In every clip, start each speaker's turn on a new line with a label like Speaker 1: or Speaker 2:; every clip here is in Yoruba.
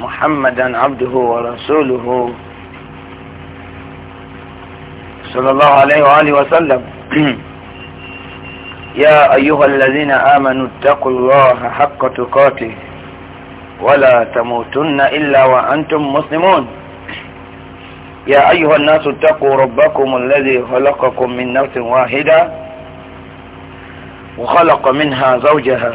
Speaker 1: محمدا عبده ورسوله صلى الله عليه وآله وسلم يا أيها الذين آمنوا اتقوا الله حق تقاته ولا تموتن إلا وأنتم مسلمون يا أيها الناس اتقوا ربكم الذي خلقكم من نفس واحدة وخلق منها زوجها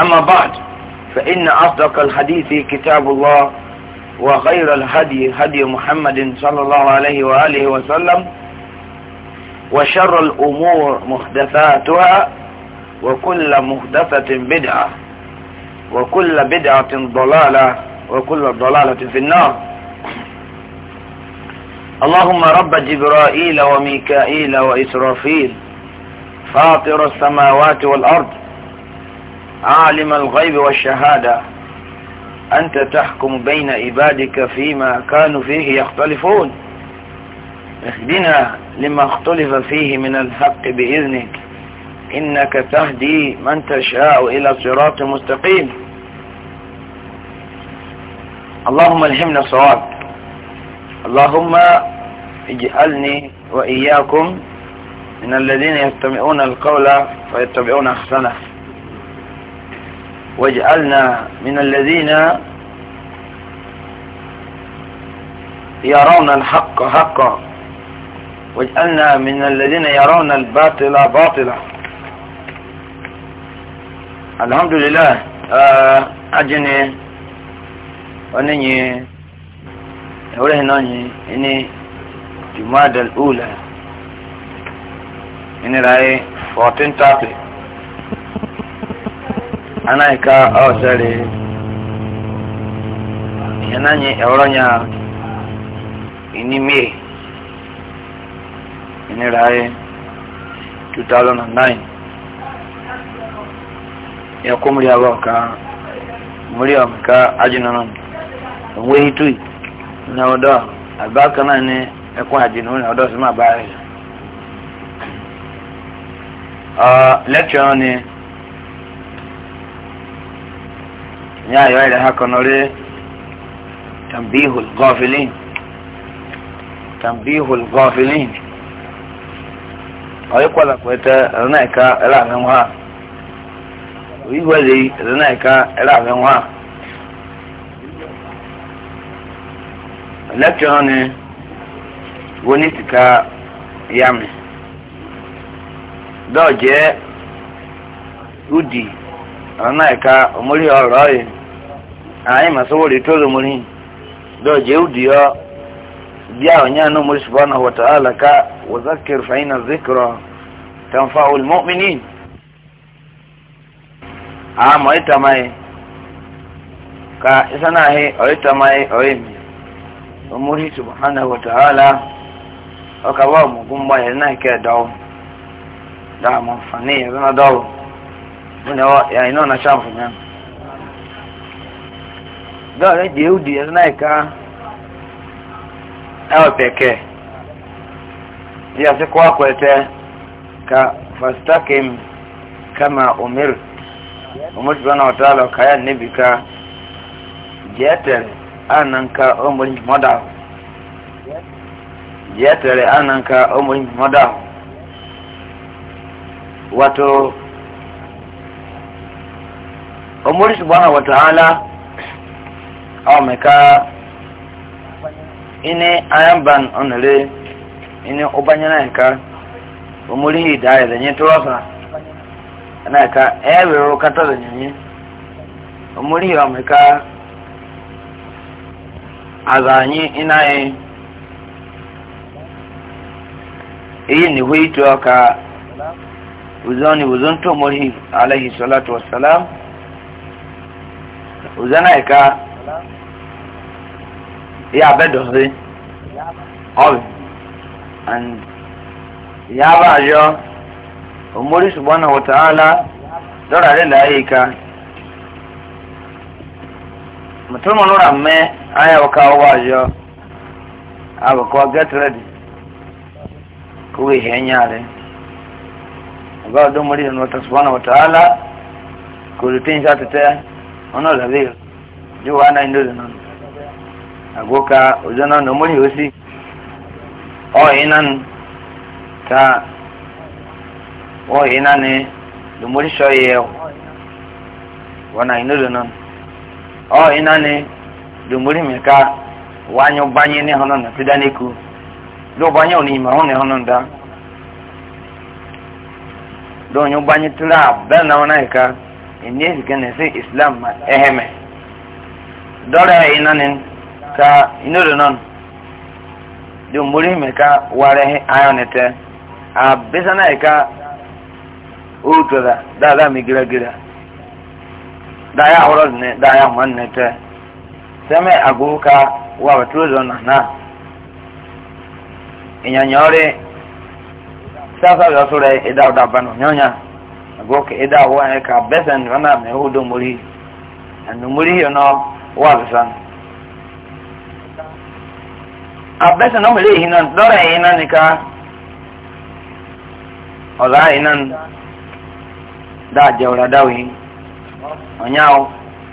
Speaker 1: أما بعد فإن أصدق الحديث كتاب الله وخير الهدي هدي محمد صلى الله عليه وآله وسلم وشر الأمور محدثاتها وكل محدثة بدعة وكل بدعة ضلالة وكل ضلالة في النار اللهم رب جبرائيل وميكائيل وإسرافيل فاطر السماوات والأرض عالم الغيب والشهادة أنت تحكم بين عبادك فيما كانوا فيه يختلفون اهدنا لما اختلف فيه من الحق بإذنك إنك تهدي من تشاء إلى صراط مستقيم اللهم الهمنا الصواب اللهم اجعلني وإياكم من الذين يستمعون القول فيتبعون أحسنه واجعلنا من الذين يرون الحق حقا واجعلنا من الذين يرون الباطل باطلا الحمد لله آه، أجني ونني ورهنني إني جماد الأولى inirai 1430 anaika ọsẹrẹ yananyi ẹwọrọnya inimie inirai 2009 yakọ muri abọ ka muri ọmọka ajinanọ owó hitui ní ọdọ àgbà kan náà ní ẹkún àjìnnú ní ọdọ sí máa bá rẹ. lecture ni ya yo ile tambihul tambihul kweta ranaika ela nwa wíwẹ́lẹ̀ ranaika ela nwa lecture ni woni dɔɔ jɛ udi ɔnà ɛka ɔmɔli ɔrɔ yi ayi masɔwɔ de tɔlɔ mɔli dɔɔ jɛ udi yɔ bia ɔnya no mɔli subahana wata ala ka wazakir fayina zikirɔ tanfa olumɔmini àmɔ itama yi ka isanahi ɔyitama yi ɔyimi ɔmɔli subahana wata ala ɔkaba ɔmɔgun bɔ yɛrɛ náà kɛ dɔɔ dáàmú fani ẹ̀rọ náà dọ́wọ́ múnẹ ọ yà iná náà ṣàǹfù náà dọ́ọ̀rẹ́ jẹ́ òdì ẹ̀rọ náà ẹ̀ka ẹ̀wọ̀ pẹ̀kẹ́ yíyá sí kó àkọ́ẹ̀tẹ́ ka fastakim kama umir umar subhanahu wa ta'ala kayan nabi ka jetere ananka umar madahu jetere ananka umar madahu wato umuri subhanahu wataala awameka ini ayamban onere ini ubanyana nka umuri hidaya zenye tuwasa naka ewe kata zenye umuri awameka azanyi inaye iyi ni huitwa ka uzoni uzon to mori alaihi salatu wassalam uzana ika ya bedo se obi and ya ba yo umuri subhanahu wa ta'ala dora re la ika mutum nura me aya wa kawo wa yo abu get ready kuwe henya ba don mari na ta subhanahu wataala ko rutin sha ta ta ono da zai ju wana indo da e nan agoka ojana e e, no mari osi o inan ta o inan ne do mari shoye wana indo da nan o inan ne do mari me ka wanyo banyi ne hono na ku do banyo ni ma hono ne hono da don yi gbanye trap na wọn náà ká ìní èsìkẹ́ ní islam ẹ̀hẹ́mẹ̀ dọ́rẹ̀ iná ni ka inú rẹ̀ náà di omori mẹ́ka wàrẹ̀ ayọ̀nẹ̀tẹ̀ àbẹ́sà náà ká òtòdà dáadáa mi gíragíra dáyà àwòrán ní dáyà wọn nẹ̀tẹ̀ sẹ́mẹ̀ àgbo ká wà na sasa ya sura ida da banu nyonya go ke ida wa ne ka besen wana me hudo muri anu muri yo no wa san abesa no mele hinan dora hinan ni ka ola hinan da jawra dawi onyawo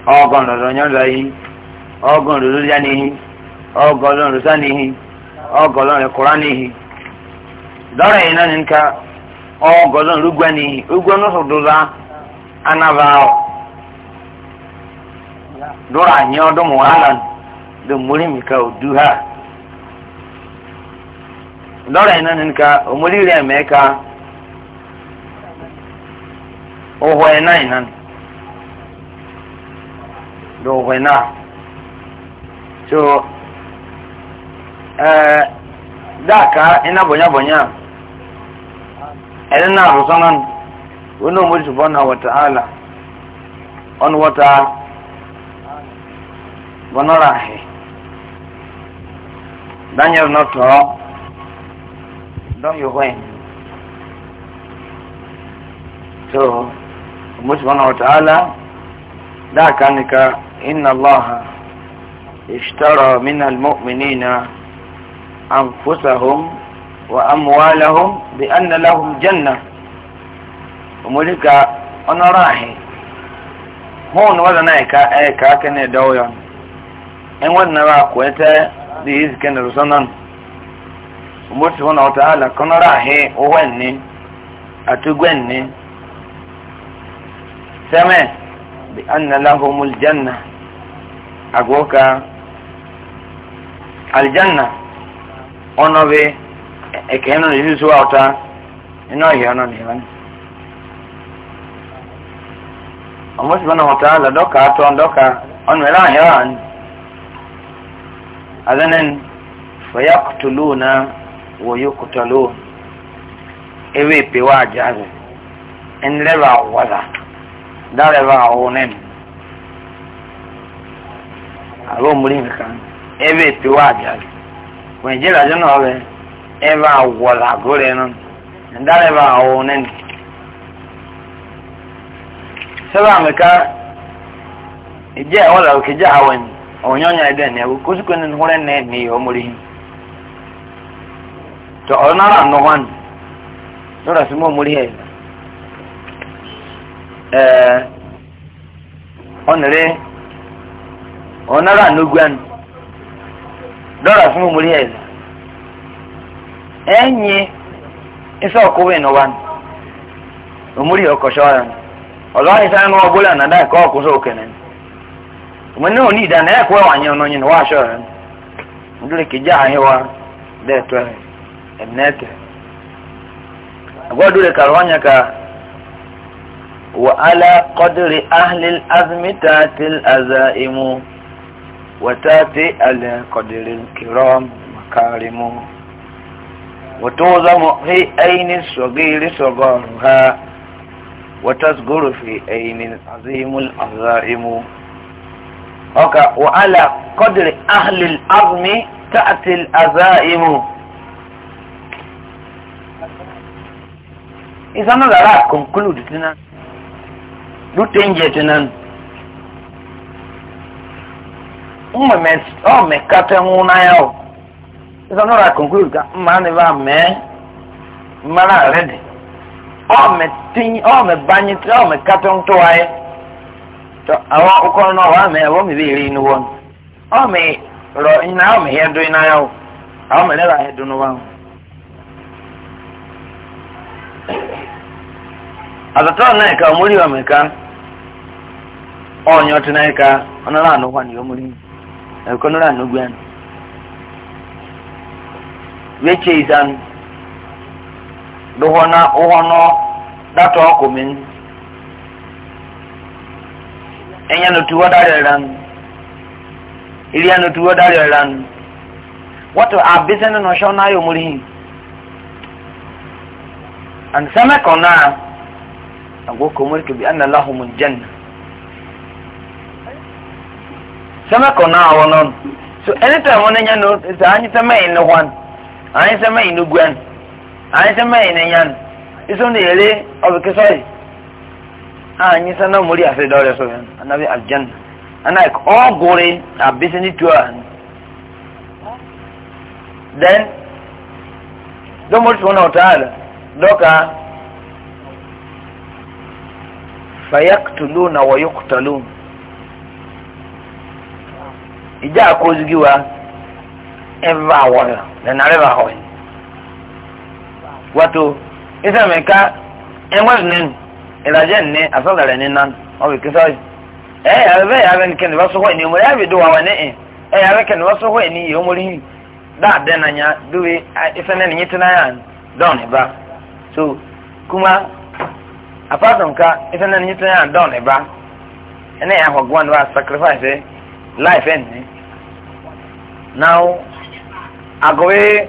Speaker 1: ogon lo nyon ogon ya ni ogon ni ogon qur'ani dɔrɔ yi na ninka ɔwɔ gɔdɔn rugba ni rugba no so doza anaba ɔ anyi do mi ka o du ha dɔrɔ yi na ninka omori rɛ ka ɔwɔ yi na yi na do na so ɛɛ ina bonya ẹni náà àwòsánán wọn náà mọ̀jú bọ́nà wọ̀tá àlà ọ̀nà wọ̀tá bọ́nọ́rà ahì daniel nọtọ dọ́n yóò wẹ̀ so mọ̀jú bọ́nà wọ̀tá àlà dáàkà nìka iná lọ́ha اشترى من المؤمنين أنفسهم وأموالهم بأن لهم جنة وملك أنا راحي هون ولا نايكا أيكا كان دويا إن ودنا راكوتا بإذ كان رسولنا ومرت سبحانه وتعالى كان راحي ووني أتقوني سمع بأن لهم الجنة أقوك الجنة أنا بيه ẹ̀kẹ́ náà nínú sí wa ọ̀tá iná ìyá náà nìyẹn ní. ọmọ sì bọ́nà ọ̀tá lọ́dọ́ka tọ́ ọ̀dọ́ka ọ̀nà ẹ̀rọ àyẹ̀wò àná. azẹ́nẹ́n fẹ̀yà kùtùlù náà wòye kùtùlù ewé àjà rẹ̀ ẹnlẹ́rọ dárẹ̀rọ àwọ̀ nìkan ewé ebe a wọla agụrụ ịnụ ndara ebe a ọwụ nịnị sebe amịka ije ọla oke je awen onye onye ede na ewu kusikwe nị hụrụ nne na ihe ọmụrụ ihe to ee enyi isa okuwe no wan umuri okoshoran olwa isa no ogula na dai ko kuso kenen umene oni na ekwe wanye no na no washoran ndule kija hewa de to emnete agwadule karwanya ka wa ala qadri وتوزم في أين الصغير صغارها وتسجر في أين العظيم العظائم أوكا وعلى قدر أهل الأرم تأتي الأزائم إذا ما لا conclude تنان do change تنان أمي مكاتب هنا يوم sọ n'ọrọ akọnkuru ka mmaa ne ba mẹẹ mmaa na rẹ di ọmọ tin ọmọ banye tẹ ọmọ katọntọ ayẹ tọ àwọn ọkọrọ náà wàá mẹẹ wọn mi bẹ yẹrẹ inú wọn ọmọ rọ iná ọmọ yẹ dùn iná yà wò àwọn mẹlẹ bá yẹ dùn ní wọn. àtọ̀tọ̀ náà ẹ̀ka ọmọdé ọmọ ẹ̀ka ọ̀nyọ́tún náà ẹ̀ka ọ̀nà láàánú wà ní ọmọdé ẹ̀kọ́ náà láàánú gbẹ́ni. Which weche izan duhona uhono dato okumin enya nutuwa dariran tuwa nutuwa What wato business no shona yo muri an sama kona agoko mulki bi anna lahumul janna sama kona wonon so anytime wonen ya no za anyi sama in no one anyị sị mmeghị n'ugwu anyị anyị sị mmeghị n'enya anyị isu ndị yere ọbịkị sọrị anyị sị na mmiri asịrị dọrịa sọrọ anyị anaghị aljan anaghị ọ gụrị abịsị n'ituo anyị then dọmọdụ sọ na ọta ala dọka fayaktulu na wayoktulu ìjà àkóso gíwa. ever awọrọ na na rịba ahọ wato isa mai ka enwere nen ilaje nne asadara ọ bụ kisa ọyị
Speaker 2: ee yabe yabe
Speaker 1: nke ne basu hwai ne mu e ee yabe ke ne basu hwai ne yi omori hi da de na don so kuma apart from ka isa don ba ene ya hwa sacrifice eh? life en eh? now agowe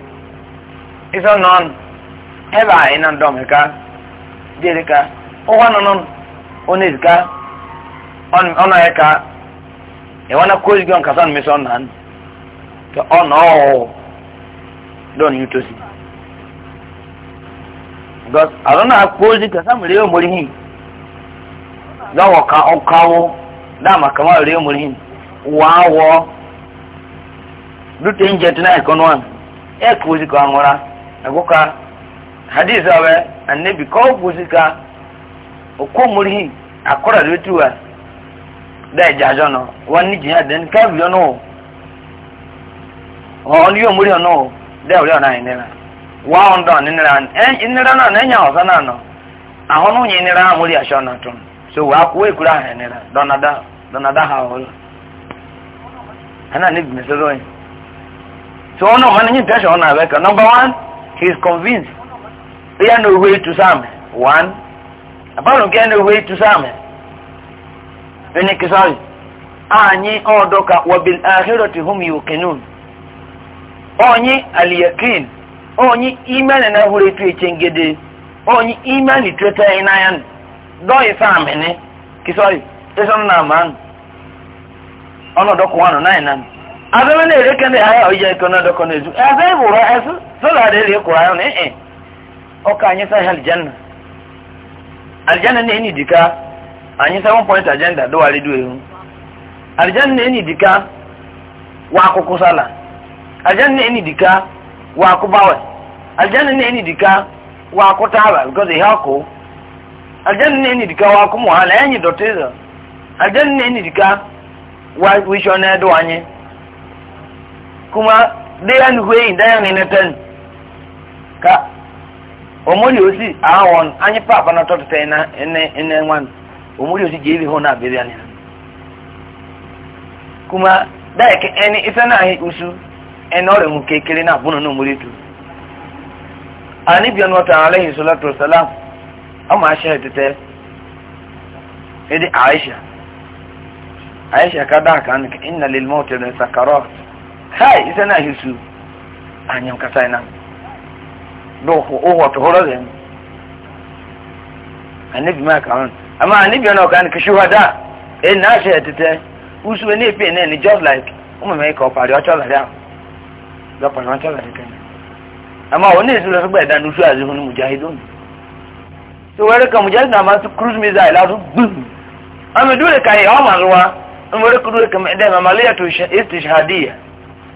Speaker 1: iso non eba ina dom ka dire ka o wa non onis ka on ona e ka e wana ko gon ka san mison nan to on o don yuto si gos arona ko ji ka sam zawo ka o dama kamar reyo murihi wawo dute nje tena ikono an e kuzi ko angora agoka hadith awe annabi ko kuzika ko muri akora letuwa da jajo no wani jihad den ka bi no o ni yo muri no da o na ni e, na wa on don ni na e ni na na nya o sana no ahonu ni ni ra muri aso na tun so wa ku e kura ni na donada donada ha o ana ni bi me so So ono man ni tesho ona weka. Number one, he is convinced. They are no way to some. One. about to get no way to some. Ene kisali. Anyi odoka wa bil akhirati hum yuqinun. Onyi al yaqin. Onyi iman na hure tu echengede. Onyi iman tu ta inayan. Do isamene. Kisali. na man. Ono dokwano na inani. azaba na ere kende aya oye ko na doko ne zu aza e wura asu so la de le qur'an ne eh o ka anyi sai aljanna aljanna ne ni dika anyi sai one point agenda do wale do ehun aljanna ne ni dika wa akoko sala aljanna ne ni dika wa akubawe aljanna ne ni dika wa akotaba because e hako aljanna ne ni dika wa akumuhala yanyi dotezo aljanna ne ni dika wa wishona do anyi kuma dayan huyi dayan ne na tan ka omori osi awon anyi papa na totu ta ina ina ina wan omori osi jebi ho na bere ani kuma da yake eni isa na ahi usu eni ore mu kekere na bunu no muri tu ani bi anwa ta alayhi salatu wassalam amma ashe tete edi aisha aisha kada kan inna lil maut sakarat hai isa na hisu anyam kasai na do ho ho to horo den anabi ma kan ama anabi na kan kishuhada e na she tete usu ne pe ne ni just like o mo me ko pari o chola da do pa no chola de kan ama oni isu lo gba da nu su azu hunu mujahidun so were ka mujahid na ma su cruise missile la su gbum ama dole kai o ma ruwa mo re kuru da ma maliyatu istishhadiyah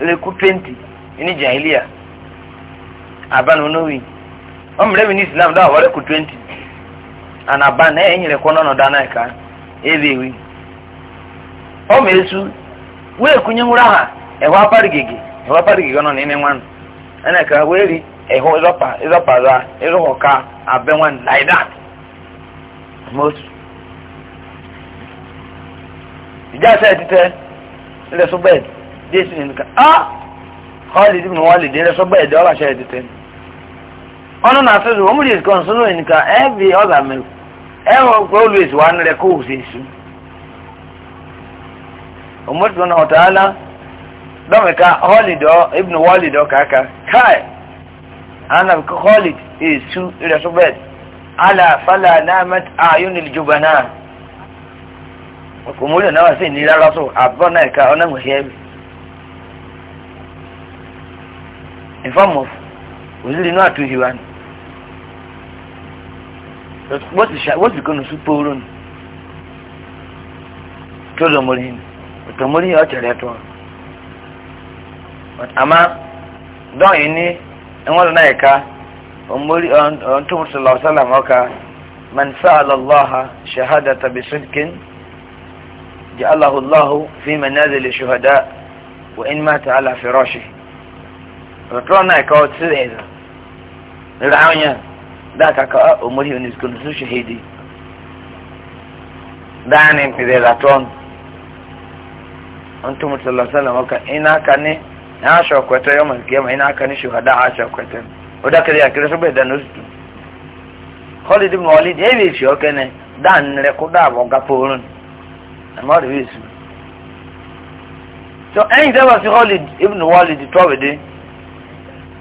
Speaker 1: leku penti ini jahiliya aban onowi ọmọdébi ní islam dáwọ wọlé ku and aban ẹ ẹnyẹrẹ kọ nọ nọdá náà ká ebewi wee kunye nwura ha ehu apari ehu n'ime wee ri ehu ịzọpa ịzọpa zọ ịzọpọ like that most jésù nìkan ah khalid ibn walid rẹ sọgbà ẹdẹ ọba ṣe ẹdẹtẹ ọnà náà fẹsọ wọn múlẹ kan sọnà ẹnìkan ẹ bí ọgà mẹwò ẹ wọn kọ olùwèsì wà nírẹ kó òsè èso ọmọdé wọn ọtá ala dọmẹka khalid ọ ibn walid ọ kàkà káì ana khalid èso rẹ sọgbà ẹdẹ ala fala namet ayunil jubana kò múlẹ náà wà sí ìnira lọsọ àbọ náà ẹka ọ náà mọ sí ẹbí. in form of òsìlè náà tó hiwa ni wọ́n sì kọ́nù súpọ̀ oró ni tó lọ́mọrí ni ọ̀tọ̀mọrí yẹn ọ̀tẹ̀rẹ̀ tó wọn àmá dọ́ọ̀yì ní ẹ̀wọ̀n lọ́nà ẹ̀ka ọ̀mọrí ọ̀ntún sọlọ sálàmù ọ̀ka man sa'ala allaha shahadata bi sidqin ja'alahu allahu fi manazil shuhada wa in mata ala firashi rotron na e ka otu eze raunya da ka ka ah, omori onis kun su shahidi dani pide rotron antu e mutalla sallam ka ina ka ne na sha kwata yau mai kiyama ina ka ne shuhada a sha kwata oda ka ya kira su bai da nusu Khalid ibn Walid ya yi shi oke ne dan ne ko da bo ga porun amma da yi su so en da ba si Khalid ibn Walid to be dai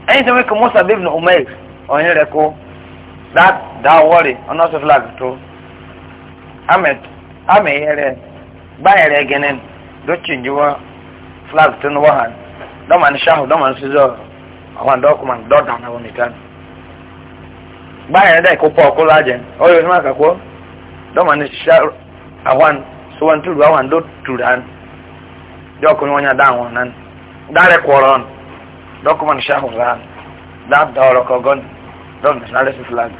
Speaker 1: ẹyin sọ wípé musa bíbí ní umeir ọ̀yin rẹ̀ kó dáwọ́rì ọ̀nà ọ̀sẹ̀ flag tó amẹ̀yẹ rẹ̀ báyẹ̀ rẹ̀ gẹ́nẹ́ ló chìnjú wọn flag tó ní wọ́hán dọ́mà ní sáhù dọ́mà ní sísọ àwọn dọ́kùmán dọ́dà náà wọn nìkan báyẹ̀ rẹ̀ kó pọ̀ kó lájẹ̀ ọ̀yọ̀ sọ́mà kàkó dọ́mà ní sáhù àwọn sọ́wọ́n túrú àwọn dó túrú án dọ́kùnrin wọn yà dá àwọn náà dárẹ̀ kọ̀ọ̀rọ̀ ọ̀nà. document shahun ran that door kogon don nationality flag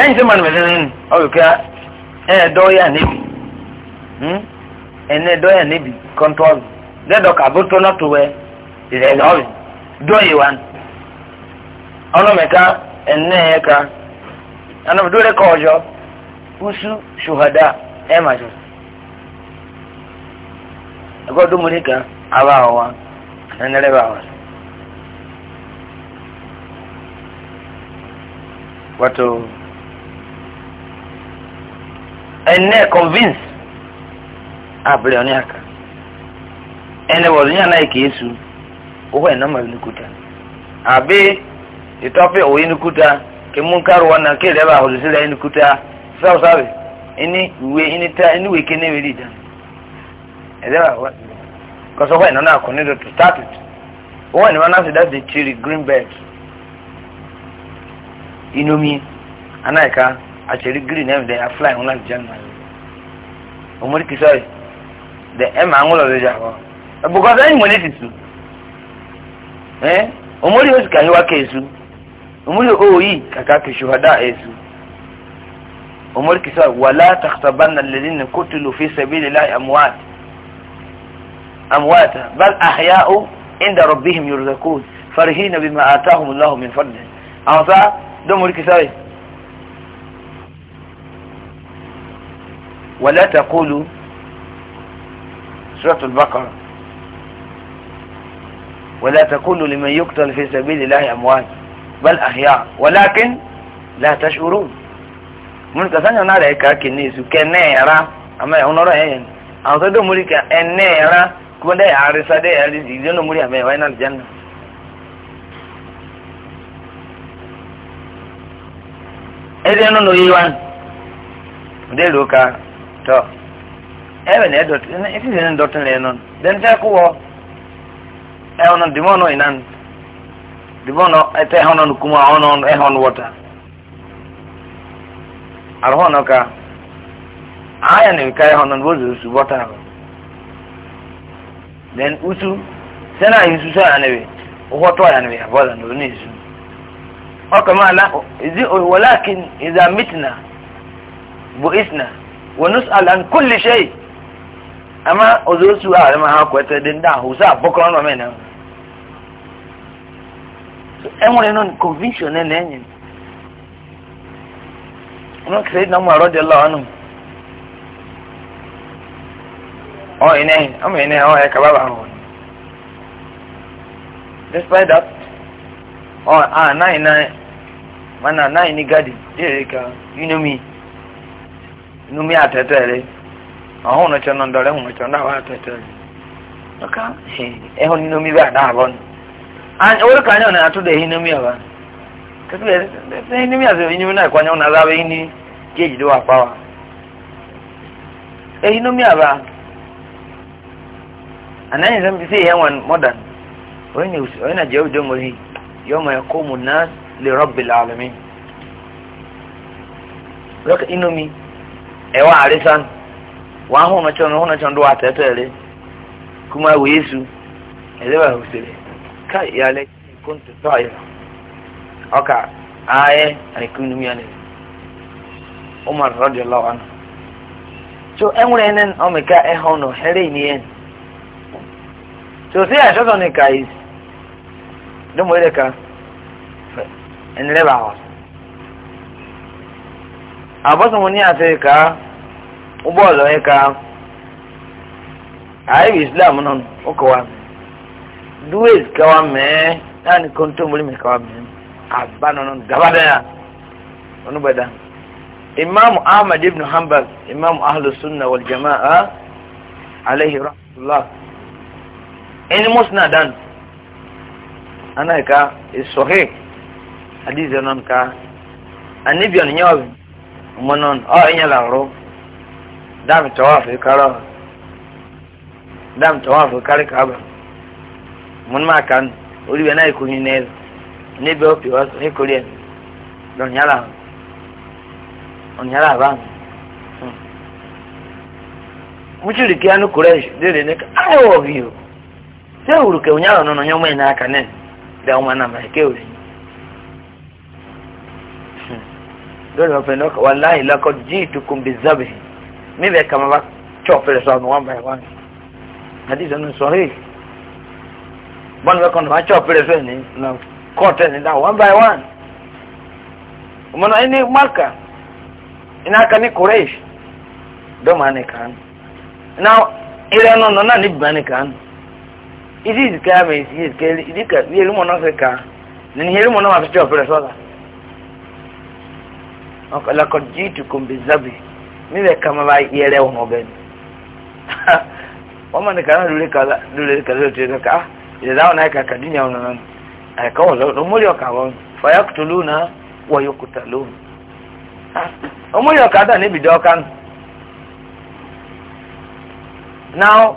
Speaker 1: ẹ̀yìn tí mọ̀nà mẹ́sẹ̀ nínú ọ̀rùkẹ́ ẹ̀ẹ́dọ́yà níbi ẹ̀ẹ́dọ́yà níbi kọ́ńtọ́ọ̀lù lẹ́dọ̀ọ́kà bó tó náà tó wẹ ìrẹ̀lọ́rì dọ́yì wa ọlọ́mẹ̀ká ẹ̀ẹ́nẹ́ẹ̀ka anamdúrẹ́kọ̀ ọjọ́ usu ṣùhàdá ẹ̀ẹ́màjọ ẹ̀gọ́dúnmọ́lẹ́ka. abawa nanere bawa wato ene convince abule oni aka ene wọlu ní aláìkè esu owó ẹ̀nà ọmọ ìnukuta àbí ìtọ́pẹ́ òwe ìnukuta kí na nke wọn náà kí ìrẹ́bà àhòlùsílẹ̀ ìnukuta sọ́ọ̀sọ́ọ̀bì ẹni ìwé ẹni ta ẹni ìwé because when no now need to start it when one has that the tree green bed inomi anaika actually green every day i fly on like general omori kisai the em angulo de jago because any money tisu eh omori o sika hiwa kesu omori o yi kaka ke shuhada esu omori kisai wala takhtabanna alladhina qutilu fi sabilillahi amwat أمواتا بل أحياء عند ربهم يرزقون فرحين بما آتاهم الله من فضله أما ساعة دم الكسائي ولا تقولوا سورة البقرة ولا تقولوا لمن يقتل في سبيل الله أموات بل أحياء ولكن لا تشعرون من كسان ينالك na كنيرا أما kake ne su ke kuma da ya harisa da ya harisa idan na murya mai wani aljanna idan na noyi wani da roka to ebe na edot ina iti zinin dotin lenon den ta kuwa ewu eh, na dimono inan dimono ete eh, honon kuma honon ehon wata arhonoka aya ne kai honon bozu su wata then usu sana yin su sa anabi hoto anabi abada no ni su o kama la izi oh, walakin idza mitna buisna wa nus'al an kulli shay ama ozo su a ah, ma ha kwete din da hu sa bokoro no me na so enwere no conviction na enyen no sayyidina umar radiyallahu anhu or oh, in any, oh, I mean, or oh, a kababa. Ah, Despite that, or ah, nine, nine, mana nine nigadi, Jerica, you know me. You me at a tele. I want to turn on the Okay, you know me I want. And all kind of na today, you know me about. Ah, Kasi ah, na kwa anayin zan sai yawan modern wani na jawo don wuri yau mai komu na le lalami roka inomi
Speaker 2: ewa àrísàn
Speaker 1: wọn ahọ́n ọ̀nà tíwọn ọ̀nà tíwọn dọ́wọ́ àtẹ́tẹ́ rẹ kúmọ̀ ẹ̀wọ̀ yéṣu ẹ̀lẹ́wà òṣèlè ká ìyàlẹ́ kó ń ka ayọ̀ ọkà ayé àríkú nínú yẹn nìyẹn umar rọ́dìọ́lọ́wọ́ so enwere ẹ̀ náà ehonu ìka ẹ̀họ́n náà so sai a shasa ne ka yi don mu da ka in reba wasu a basu mu ni a ka ubo lo ka a yi islam non o ko wa duwe ka wa me na ni konto muri me ka wa me a ba non gaba da imam ahmad ibn hanbal imam ahlus sunna wal jamaa alayhi rahmatullah ẹni mọ́sánà dánù ana ka isohe hadithi non ka anibio ni nyawa monon o inya la ro dam tawafu karo dam tawafu kare kaba mun ma kan ori be nai kunyi ne ne be opi wa so hekori don yala on yala ba mutu rikiyanu kuresh dele ne ka ayo biyo sewuru ke unyawo nono nyoma naka aka ne da umana ma ke uri dole wa pendo wallahi laqad jitukum bizabh mi be kama ba chopele so no wamba yawan hadizo no sahih bon wa kono chopele so ni na kote ni da wamba yawan umana ini maka ina aka ni quraish do mane kan now ile no no na ni bane kan idi izike ama esi izike idika yeri mu n'ofe ka nini yeri mu n'ofe ti ọpẹrẹ sọla lakọ jiitu kombe zabi mi bẹ kama ba yẹrẹ wọn ọbẹ ni wọn ma ne ka náà lórí kala lórí kala lórí tiẹ ká ìdèdè àwọn náà kàkà dínyà wọn nana àyíká wọn lọ mórí ọkà wọn fàyà kutu lónà wọyọ kuta lónà ọmọ yọ ọkà dà níbi dẹ ọkà nù. now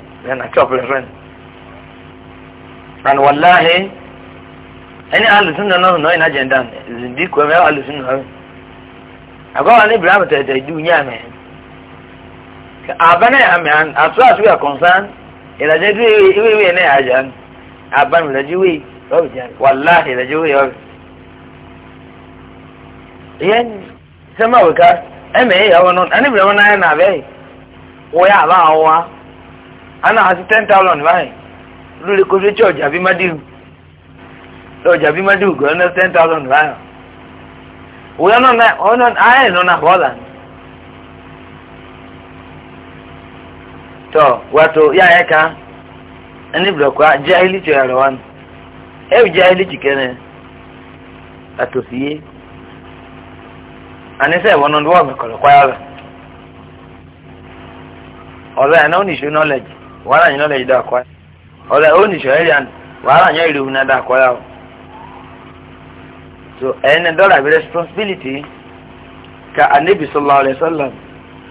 Speaker 1: then I chop your friend. And wallahi, any alusunna no no in agenda. Zindi kwa me alusunna. Ago ani Ibrahim te te du nya me. Abana ya me an as far as we are concerned, ila je du iwe iwe ne ajan. Aban la ju we, o jan. Wallahi la ju we o. Yen sema weka, eme ya wonon, ani Ibrahim na na be. Oya ba awa. ana hasi ten thousand báyìí lórí kojú tí ọjà bí mádìrú ọjà bí mádìrú gbọ́dọ̀ ní ten thousand báyìí òun náà náà òun náà ayé ìnáwó náà bọ́ọ̀lá ni. tọ wàtò yá ẹ ká ẹni bìrọ̀kọ́ jẹ́ ilítì ọ̀rọ̀ wa ni knowledge. wàhálà yìí lọ́lẹ̀ yìí dà kọ́ ọ̀rẹ́ ó nìṣọ́ ẹ̀rí àná wàhálà yẹn ìrìhù náà dà kọ́ yà ó so ẹni dọ́là bí responsibility ka anabi sallallahu alayhi wa sallam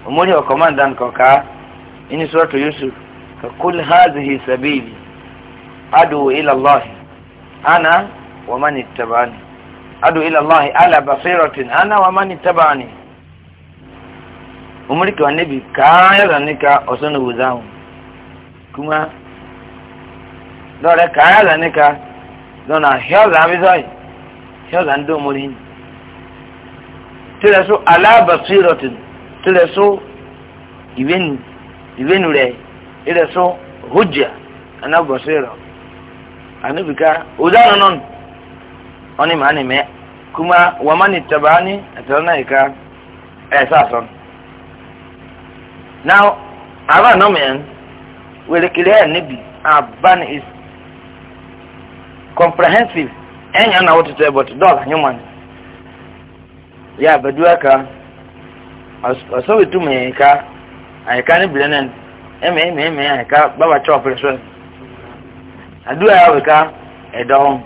Speaker 1: omori wa commandant kọ̀ọ̀ká inú sọ́ọ̀tù yusuf ka kul hazihi sabili adu ila allah ana wa man ittabani adu ila allah ala basiratin ana wa man ittabani umri ka anabi ka yara ni ka osonu wuzahun kuma dore kaya da nika dona hiyar da abizai hiyar da ndo muri tire su ala basirotin tire su ibinu re ire su hujja ana basiro anubika udana non oni ma ni me kuma wa mani tabani atana ika esa son now aba no man werekere ya nibi aban is comprehensive enya na wote to but dollar nyuma ya badua ka aso wetu me ka ai ka ni blenen eme eme eme ai ka baba chop le so adua ya we ka edo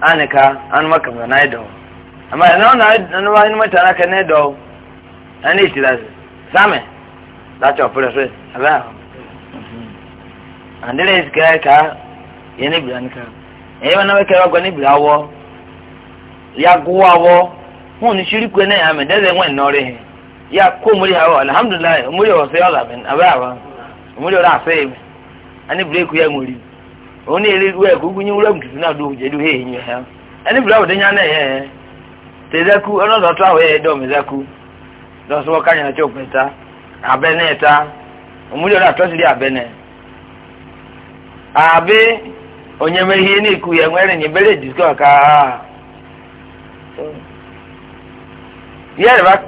Speaker 1: anika anu makamra na edo ama na na anu wa ni matara ka na edo ani tirazi same that's your pressure around andele isikai ka ya n'ebira nika eyi wọn n'abeke wagwa n'ebira awọ ya gụwa awọ hụ na ishiri kwe na ya ame dede nwe nnọrọ ihe ya kọ omori ha awọ alhamdulilayi omori ọwọ ya ọla min awa omori ọla asị ebe eku ya nwere òun na eri wee kuku nye wura ntutu na duhu jedu ha nye ha ani bere awọde na ya ya ọnụ ọzọ ọtụ ahụ ya abe na eta ọla abi onye mee ihe n'iku ya nwere nyebere disko ka ha yẹrẹ bá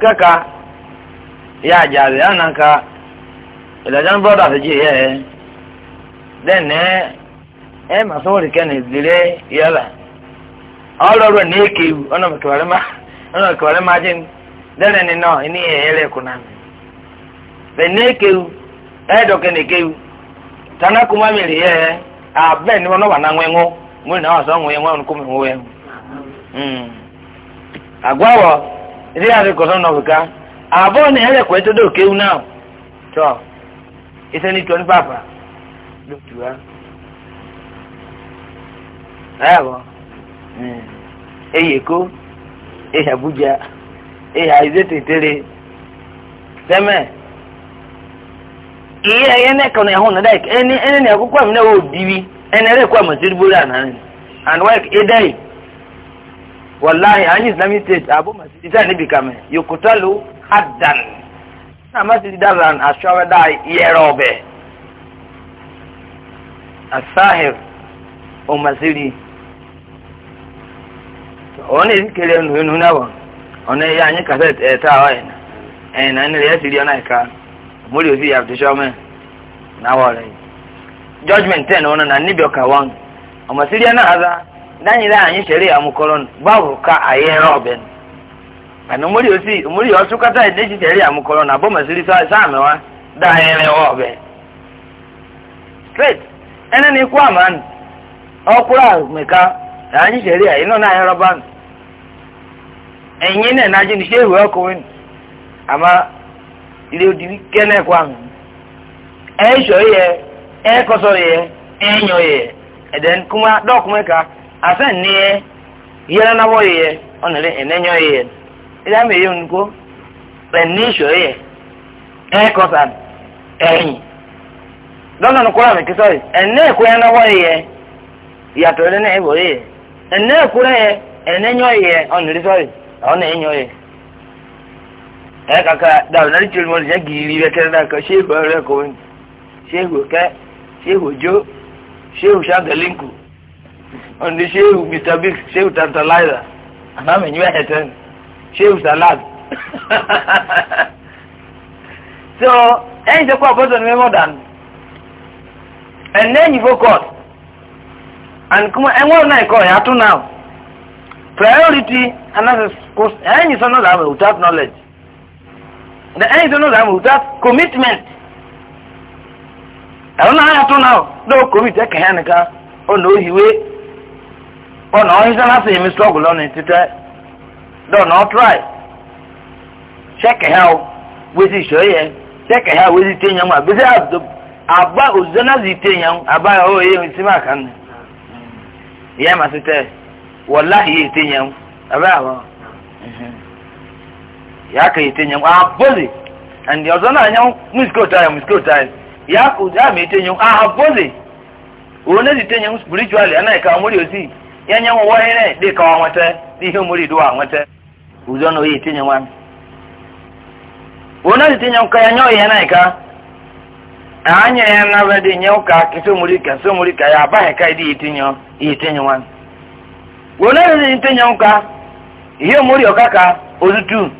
Speaker 1: ya jàre na ka ìlàjà brothers jì yẹ ẹ then ẹ ẹ mà sọ wọlé kẹ́ni ìdílé yẹlẹ na ní èké ọ̀nà mẹkẹwàrẹ́ má tana kuma miri ye abe ni wono bana ngwengo ngwe na waso ngwe ngwe nko mi huwe mm agwawo ri ari ko sono buka abo ni hele kweto do ke una to ise ni toni papa do tuwa ayo mm eyeko eya abuja eya izete tere sẹ́mẹ̀ ihe ihe ne ka na ehun na like eni eni ne akwụkwọ m na odiwi eni re kwa masir bura na ni and work idai e wallahi an islamic state abu masir isa ne bikame yukutalu haddan na masir dalan ashawa da yerobe asahir o masiri ona ezikere nunu nawa ona ya anyị kaset eta eh, wa ena ena eh, ne ya siri ona ka mo rí o sí àfitìsọ́mọ́ náwó rẹ̀ judgement ten wọn na níbi ọkà wọn ọmọ síríà náà adá dáhìn láà yín ṣeré àmukọ́rọ́ báwo ká ayé ẹran ọ̀bẹ ni àná mo rí o sí mo rí ọtún kátà ìdíjì ṣeré àmukọ́rọ́ náà bọ́mọ̀ sírí sáàmì wa dá ẹran ọ̀bẹ straight ẹni ní ikú àmà ni ọkùnrin àmìká láà yín ṣeré àyínú náà ẹran bá ni ẹ̀yin náà ṣé ìwé ọkùnrin àmà. ilé odibi kẹ́nẹ́ kó àhùn ẹ̀ sọ yẹ ẹ̀ kọsọ yẹ ẹ̀ yọ yẹ ẹ̀dẹ̀ ase dọ́kùnmẹ́ ká asẹ́ nìyẹ yẹlẹ náwó yẹ ọ̀nàlẹ́ ẹ̀nẹ́yọ yẹ ẹ̀dẹ̀ àmì èyí nìkó ẹ̀ ní sọ yẹ ẹ̀ kọsà ẹ̀yìn dọ́nà nìkó àmì kí sọ́yì ẹ̀nẹ́ ẹ̀kọ́ yẹn náwó yẹ ìyàtọ̀ ẹ̀dẹ̀ náà ẹ̀wọ̀ yẹ ẹ̀nẹ́ yẹ yẹ ẹ eh, kaka dàbí náà nítorí wọn lè jẹ́ gidi rí náà kan ṣéèkù ọ̀rẹ́ kò ń ṣéèkù kẹ́ ṣéèkù jó ṣéèkù ọ̀nì ṣéèkù mr big ṣéèkù tantalizer àmàmì ní bẹ́ẹ̀ tẹ́ ṣéèkù salad. so ẹyin ṣe kó àpótò ní mímọ́ dànù ẹ̀nẹ́ yìí focus and kuma náà ẹ̀kọ́ ẹ̀ àtúnáà priority analysis ẹ̀yin sọ náà làwọn without knowledge. na ẹni tó náà with without commitment ẹ̀rọ náà yàtọ̀ now no commit ẹ̀ kẹ̀yà nìkan ọ̀nà òhìwé ọ̀nà ọ̀hìnsá láti èmi struggle lọ́nà títẹ́ lọ́nà ọ̀try ṣẹ́kẹ̀yà o wéṣí ìṣòyẹ ṣẹ́kẹ̀yà wéṣí téèyàn mu àgbésẹ́ àbá òṣìṣẹ́ náà sì téèyàn àbá ọ̀hún èyí sí máa maka ní ìyá màá ti tẹ́ wọ́n láàyè téèyàn àbá àwọn. ya ka itenye m abụzi and ọzọ na-anya muskot anyị muskot anyị ya ka ụdị ama etenye m abụzi onye ji tenye m spiritually anaghị ka ọmụrị ozi ya nye m ụwa ihe dị ka ọ nweta ihe omụrị duwa nweta ụzọ na oyi etenye nwa onye ji tenye m ka ya nye oyi anaghị ka anya ya nabịa dị nye ụka kesa omụrị ka sị omụrị ka ya abaghị ka ịdị etinye ihe etenye nwa onye ji tenye m ka ihe omụrị ọka ka ozutu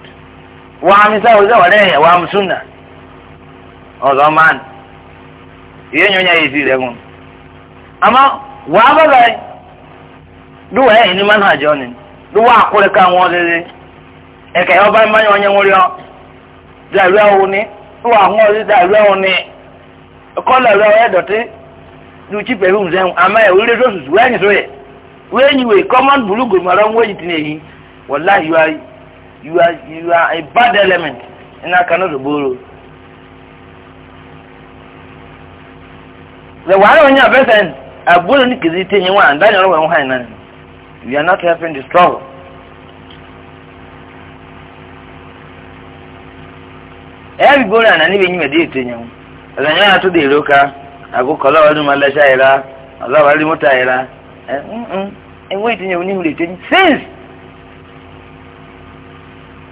Speaker 1: wàá mi sáwọ sáwọ lẹ́yìn wàá mi súnà ọ̀dọ́ máa nì ìyẹn nyọ nyà yìí sí rẹ̀ wọn. àmọ́ wàá bọ̀ bẹ́ẹ̀ dùwọ̀ ẹ̀yìn ní mánu àjọ ni dùwọ̀ àkúrẹ́ ká wọn lédè ẹ̀kẹ́ ọba mmanyi wọn yẹ wọn rí ọ dàrú ẹ̀wọ̀n ni dùwọ̀ àwọn ọ̀dẹ́ dàrú ẹ̀wọ̀n ni kọ́lá ẹ̀rọ ẹ̀dọ̀tí lùchí pẹ̀lú ǹzẹ̀hún àmọ́ ẹ̀ wílé tó sùsù wẹ́ẹ̀nyì sóyè wẹ́ẹ̀nyì wẹ̀ kọ́mọ́n bùlùgòmọ̀rọ̀ wẹ́ẹ̀nyì tì You are, you are a bad element and I cannot borrow. The one on your person, a bullet is eating you one, then you're one you are not helping the struggle. Every goal and any when you did you As I know to the I go call all the Malaysia, I love Alimota, I love. And waiting, you need to Since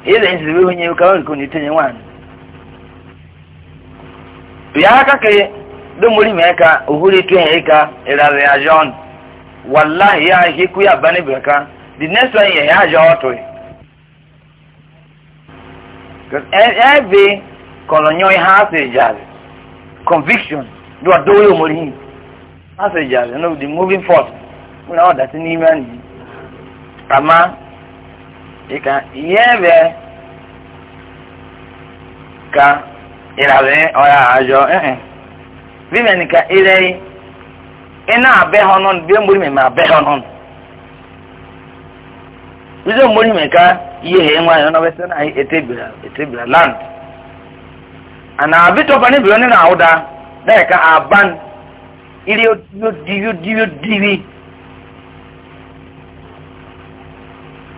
Speaker 1: ile nziri onye ka ọ nke itinye nwaanyị ya aka ka domori me ka ohuri ike ya ịka ịrara ya jọn wallahi ya hiku ya bani the next one ya e-, ya jọ ọtụ ebe kọlọnyọ ihe ha sị jazị conviction do adowe omori hi ha sị jazị no the moving force nwere ọ dati n'ime anyị dịka ihe ebe ka ịrabe ọya ajọ ee bime nika ire ị na ha ọnụ bie mgbori meme abe ha ọnụ bizo mgbori meme ka ihe ha enwe anyị n'ọbịa na etebira etebira land ana onye na-awụda aban iri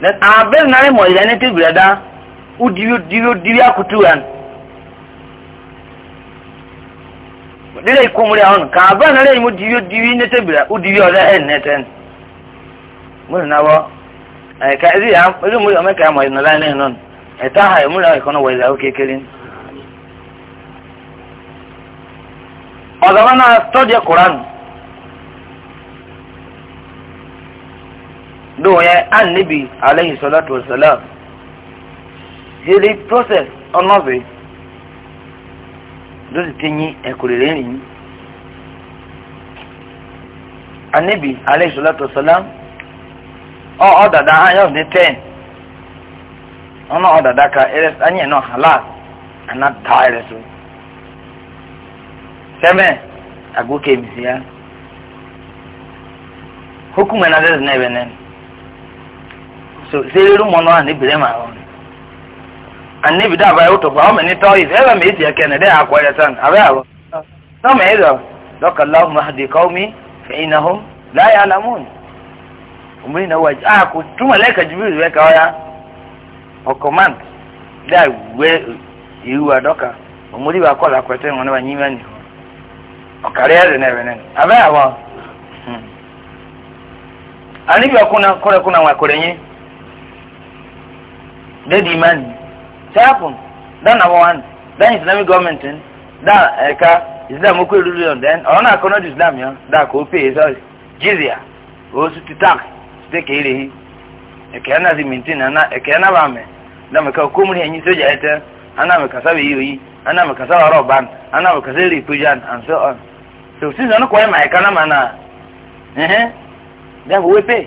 Speaker 1: abel nari mọ ìlànà tí gbìyànjá ó dìbí dìbí dìbí akutu wa lílẹ̀ ìkómúrẹ́ àwọn kan abel nari mọ dìbí dìbí nẹ́tẹ̀ gbìyànjá ó dìbí ọ̀rẹ́ ẹ̀ nẹ́tẹ̀ mo nana wọ ẹ̀ka ẹ̀dí yà ẹ̀dí mo yọ̀ mẹ́ka mọ̀ ìnàlá ẹ̀ nọ ẹ̀ta ha ẹ̀mú náà ìkọ́nà wọ̀ ìlà ó kékeré ọ̀dọ̀ wọn náà tọ́jú ẹ̀ kóra nù. no ya annabi alayhi salatu wassalam hili process onobe do ti tinyi ekurere ni alayhi salatu wassalam o odada ayo ni 10 ono odada ka eres anyi no halal ana tire so seme agoke misia hukumu na zezi na ebenen so zeeru mọ náà níbìrẹ́ mà wọn. àníbi dábàá yóò tó gba ọmọ ní tọ́ ìfẹ́ ẹ̀rọ mi èsì ẹ̀kẹ́ nìdẹ́ àkọ́ ẹ̀rẹ́ sàn àbẹ́ àrọ́. sọ́mọ ẹ̀rọ lọ́kàn lọ́hùn àdìkọ́ mi fẹ̀yìn náà hó láyé alámùn. òmìnir náà wájú a kò túmọ̀ lẹ́ẹ̀kan ju bíi ìrẹ́ka ọ̀ya ọkọ̀ man dá ìwé ìrú àdọ́ka òmùdí wa kọ́ làkọ̀tẹ́ wọn náà yín mẹ́ni ọ̀kàrí ẹ̀rẹ̀ náà ẹ̀rẹ̀ náà dadi imani sẹ́fún dá nàbọ̀ wán then islamic government ní dá ẹ̀ka islam ó kó ìlú lóyún dẹ́n ọ̀rọ̀ náà kọ́nọ́dù islam yẹn dá kó o pèé sọ́ọ̀rì jizya oṣù ti tak ṣe kéèrè yìí ẹ̀kẹ́ náà sì mìtì náà ẹ̀kẹ́ náà bá mẹ́ dàmẹ́ka okó múlẹ̀ ẹ̀yìn sójà ẹ̀tẹ́ anamẹ́ka sábẹ̀ yìí òyì anamẹ́ka sábẹ̀ ọ̀rọ̀ ban anamẹ́ka sábẹ̀ rìpéjà and so on so sísè ọ̀nà kọ́yẹ́ màá ẹ̀ka náà mà náà ẹ̀hẹ́n dẹ́kun wípé pay.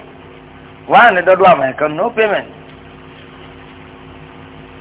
Speaker 1: One dọ́dọ̀ àmà ẹ̀ka no payment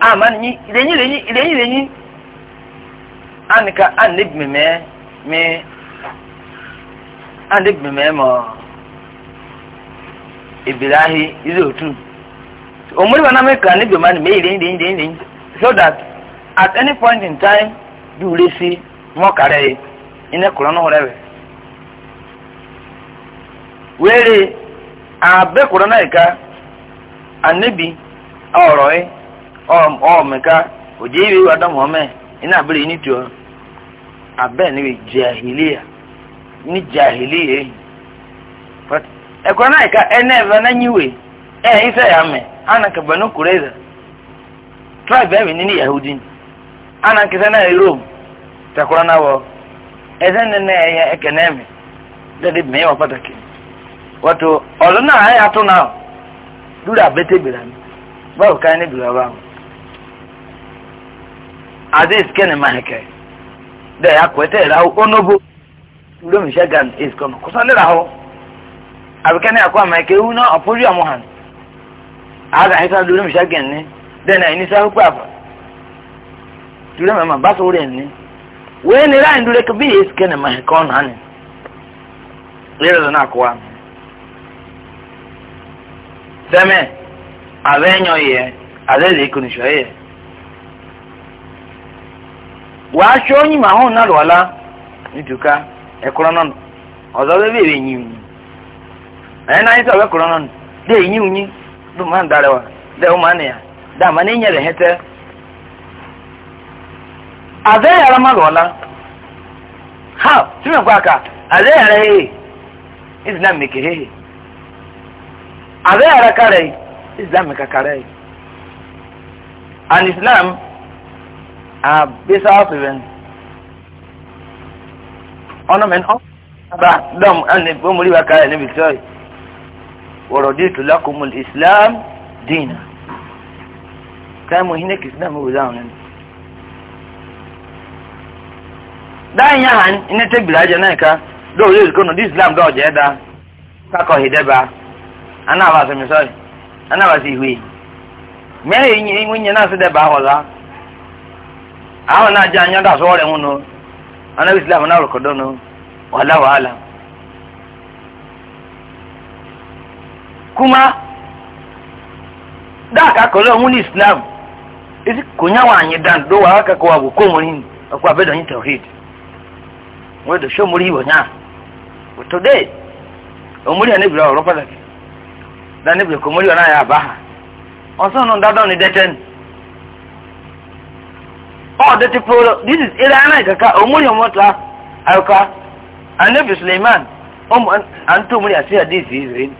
Speaker 1: ama ah, nyi irenyi irenyi irenyi anika ah, anib ah, mimɛ mi anib mimɛ mɔ ibirahi ize otu omori wa nami ka anib mimɛ mi irenyi irenyi so that at any point in time du resi mɔkara yi ina kura no hore were abe kura na ika anibi ɔrɔ yi. ọmọka òjì ìwé ìwà dọ́mọ̀ ọmọ ẹ̀ iná abẹ́rẹ́ yìí nìtò abẹ́ẹ̀ níbi jahiliya ní jahiliya yìí ẹ̀kọ́ náà ẹ̀ka ẹ̀ná ẹ̀fẹ́ náà na ẹ̀ ẹ̀ ìfẹ́ yà mẹ́ anaka bẹ̀nu kùrẹ́zà tribe ẹ̀mí ní yahudi anakisẹ́ náà ẹ̀ rome takura náà wọ na nínú ẹ̀yẹ ẹ̀kẹ́ náà mẹ́ dẹ́ẹ̀dẹ́ mẹ́yẹ̀ wọ pàtàkì ọdụ ọ̀dọ́ náà ayé ató náà dúró abẹ́tẹ̀ bìrà ní báwo ká ní bìrà báwo. aziz kene mahike de ya kwete rahu onobo lo mi shagan is kono kusane rahu abikane akwa mahike una opuri amuhan aga hita lo mi shagan ni de na ini sa kwa dure mama baso ure ni we ni ra ndure ke bi is kene mahike on hani lero na akwa seme avenyo ye aziz ikunisho ye wàá ṣe oyin màá hàn náà alụọla nítùká ẹ̀kọ́rọ́ náà ọ̀dọ́ bẹ́ẹ̀ bẹ́ẹ̀ yín unyi ẹ̀yìn náà yíṣọ́ ẹ̀kọ́rọ́ náà dé yín un yín ló máa ń darẹ̀ wá dẹ́ ó máa nìyà dá àmà ní ìyẹn rẹ̀ hẹ́tẹ́. yàrá ha tí mi kọ́ àkà yàrá mi kì yàrá kárẹ̀ mi abisa sirin ọ̀nà ọba ọ́ ẹni bó wa káyà níbi tí ó yìí wọ̀rọ̀ dí islam dìínà táìmù yìí ní kì í sinà mú dáhìn yà hàn tẹ́gbìlá jẹ náà ká dọ́wọ́ yóò kọ́nà dí islam dọ́ọ̀ jẹ́ dá kákọ̀ hìdẹ́bà anáàbà sọmi sọ́ọ̀rì mẹ́rin yìí ń yẹn náà àwọn náà jẹ́ àyàn dàsọ́ rẹ̀ wọn nù anábì islam náà rò kọ́dọ́ wàhálà wàhálà. kuma dáàkà kọ́lé ọ̀hún islam èsì kò nyá wọn àyè dàn ló wà ákàkọ́ àbò kó wọn yìí ọkọ̀ àbẹ́dọ̀ yìí tawhid wọ́n dọ̀ sọ́ mórí ìwọ̀ nyá dé òmórí àná ìbìrọ̀ ọ̀rọ̀ pàtàkì dáná kò all dirty product this is ilẹ̀ anáà kàkà òmùrì ọmọta àyọkà anabi suleiman ọmọ antomori àti àdìsí ìrìn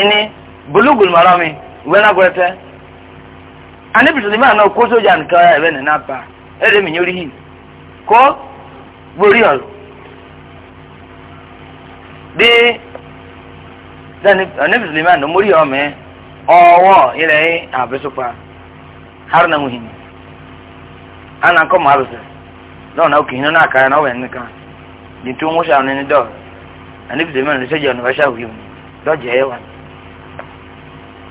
Speaker 1: ẹni bulugul marami wẹ́nagbẹ́tẹ́ anabi suleiman náà kó sójà nìkan na nínú apá ẹ̀rẹ́ mi nyórí yìí kó borí ọ̀rọ̀ bí anabi suleiman ọmọ orí ọmọ ana nkɔ mu abɛsɛ dɔw na okinyi na akara na ɔwɛn nika di tu ŋun sa ɔnini dɔw ani bisimi ɔnini sɛ jɛ ɔnini bɛsɛ awie mu dɔw jɛ wa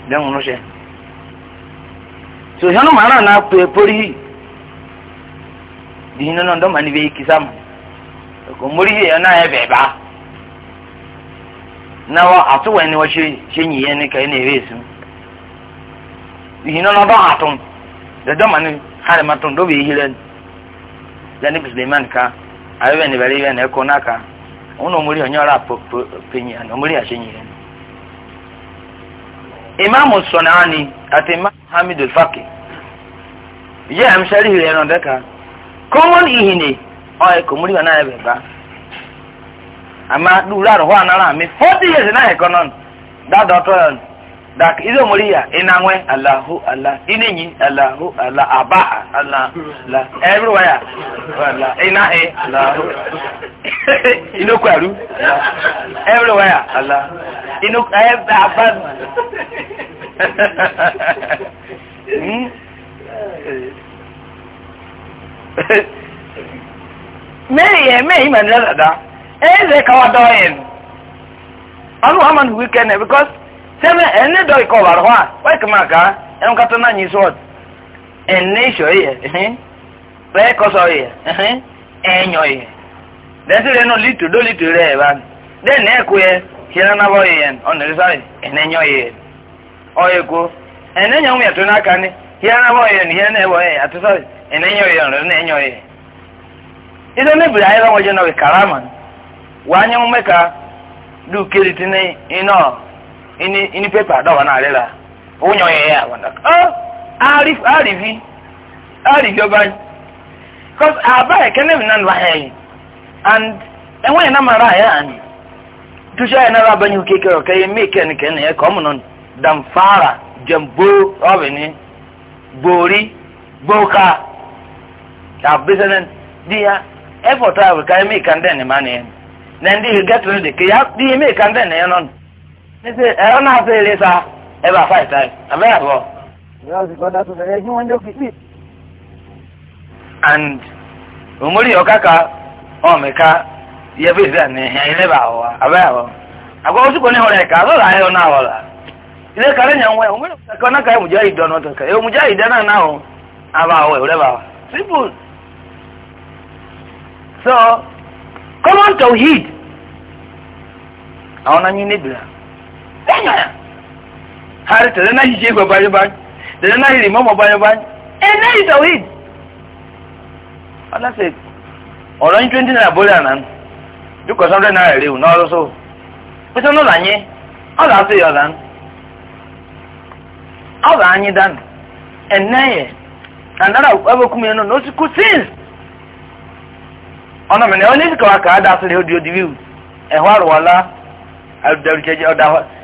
Speaker 1: dɛ ŋun sɛ so hɛn mu ara na pe pori yi di hinɛ na dɔm ani bɛ yi kisa mu ko mori yi ɛna yɛ bɛɛ ba na wɔ ato wɛn ni wɔ hyɛ hyɛ nyiɛ nika ɛna ɛbɛ esu di hinɛ na dɔm ato dɛ dɔm ani hali matun do bi hilen yani bisleman ka awe ni bari ya kona ka uno muri onyora penyi ano muri ashenyi imam sunani ati imam hamid al-faqi ye am sharih le no deka common ihine o e ko muri na ebe ba ama du la ro wa mi 40 years na e konon da doctor dak izo muriya inanwe allahu allah inenyi allahu allah abaha allah la everywhere allah inahe allahu inokwaru everywhere allah inok every eh, abad hmm meri ye me eze kawa Anu haman weekend because sɛbɛn ɛne dɔ ikɔ wari hɔ a wɔyɛ kama e ka ɛnu kata na nyi sɔɔt ɛne sɔ yɛ bɛyɛ kɔsɔ yɛ ɛnyɔ yɛ dɛsɛ yɛ no litu do litu rɛ yɛ ban dɛ nɛ ko yɛ hiɛn nabɔ yɛ ɔnu risa yɛ e ɛne nyɔ yɛ ɔyɛ e. ko ɛne nyɔ mu yɛ to n'aka ni hiɛn nabɔ yɛ ni hiɛn nɛ bɔ yɛ ati sɔ yɛ ɛne nyɔ yɛ ɔnu ɛne nyɔ yɛ ido ne biri ayɛlɛ wɔdze nɔ ini ini pepa dawa na alela
Speaker 2: oh, onyo ye ya
Speaker 1: wanda oh arif arifi arif yo ban cause aba e kenem nan wa he and enwe na mara ya ani to share na raba nyu keke o kai me ken ken e ko mun dam fara jambo obini bori boka abisenen dia effort i will kai me kan den mani then they get ready ke ya di me kan den e non ṣe ẹ ọ náà ṣe ilé sa ẹ bá fà ìta àmẹ́yà bọ̀. and òmùrí ọ̀kàkà ọ̀mẹ̀ká yẹ bí ìfẹ́ ní ẹ̀yìn lẹ́bà àwọ̀ àbẹ́yà bọ̀. àgọ́ oṣù kò ní ọ̀rẹ́ ẹ̀ka lọ́la ẹ̀ ọ̀nà àwọ̀ la. ilé kàrẹ́ yẹn wẹ̀ òmùrí ọ̀kàkà náà kàyé mùjá ìdán náà tọ̀kà ẹ̀ mùjá ìdán náà náà àbá àwọ̀ ẹ̀ lẹ́bà simple. so common tawhid àwọn anyi níbìrà. nya hari tẹ̀lé náà yìí ṣe ìgbà báyìíbáyìí tẹ̀lé náà yìí mọ́mọ́ báyìíbáyìí ẹ̀ náà yìí tawhid aláṣẹ ọ̀rọ̀ yín naira pẹ̀sẹ̀ yẹn ọ̀nà mẹ́rin kà á dá ẹ̀họ́ àrùwọ̀lá ọ̀dà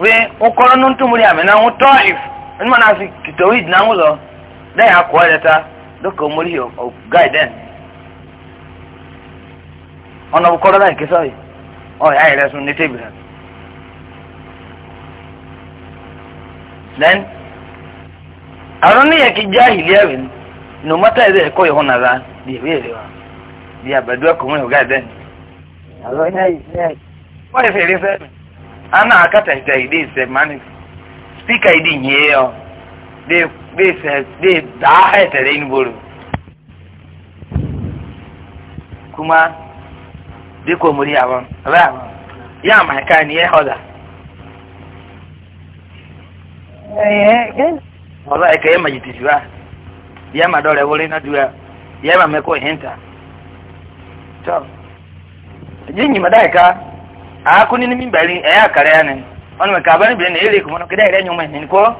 Speaker 1: we ukoro nuntu muri amena hu taif nima na fi kitawid na mulo da ya ko leta doko muri yo o guidance ona ukoro da ke sai o ya ire sun ni tebira then aroni ya kijahiliya bin no mata ile ko yo hona da di bele wa di abadu ko mu guidance alo ina ina wa fe re fe ana akata ita ide se mani speaker ide nye yo de de se de da he kuma de ko muri awon ra ya ma ka ni e hoda eh eh wala e ke e e ma jitisiwa ya ma dole wole na dua ya ma me ko hinta to jinyi madaika akuni e ni mimbari eya kare yani ono me kabani bi ne ile ko mono kida nyuma ni ko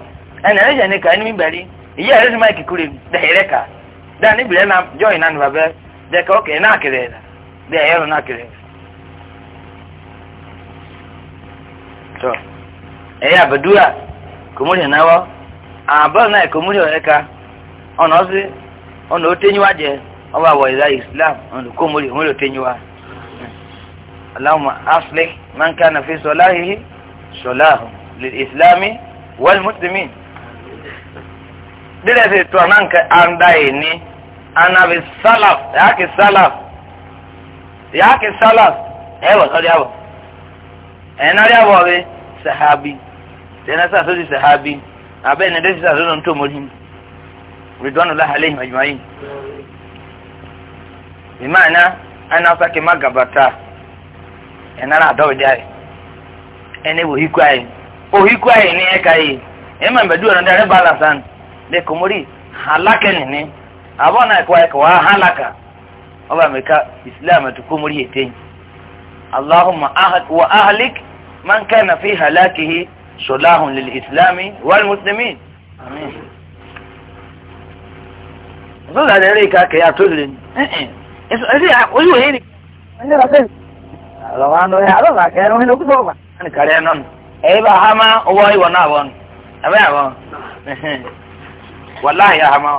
Speaker 1: ka ni mimbari iye ile ma ikikure da ile ka da ni bi na join na ni babe de ka na kire da de ayo na kire so eya badua kumuri na wo aba na ono si ono aje islam ono اللهم أصلح من كان في صلاهه صلاه للإسلام والمسلمين dile se tuanan ke anda ini ana bi salaf ya ke salaf ya ke salaf e wa kali abo e na ri abo bi sahabi te na sa so di sahabi abe ne de sa so no to modin ridwanullah alaihim ajma'in bi ma'ana ana sake magabata ẹnara adọwọdya yi ẹnna wọ hikwa yi ohikwa yi ni ẹka yi ẹnma mbẹdu ọ̀nà dẹ rebalance an de komori halaka nini abọ́ náà ẹ̀kọ́ ẹ̀kọ́ wàá halaka ọba mẹka islam ẹ̀tọ́ komori yẹ tẹ́yìn allahumma wa ahalik man kana fi halakihi solahun lil islami wal muslimin amin. ọ̀sán ìdájọ́ eré ìka kẹ̀yà tó lè ní ẹ̀ẹ́n ẹ̀sìn ojú òye ni lọ́wọ́ndọ́ yà lọ́wọ́ kẹrin wọn lókùtọ̀ ọ̀gbà ẹni kàrí ẹ̀ nọ́nù ẹ̀yẹ́ bá hama owó na náà wọ́n ẹ̀bẹ́ àwọn wọ́n láàyè hama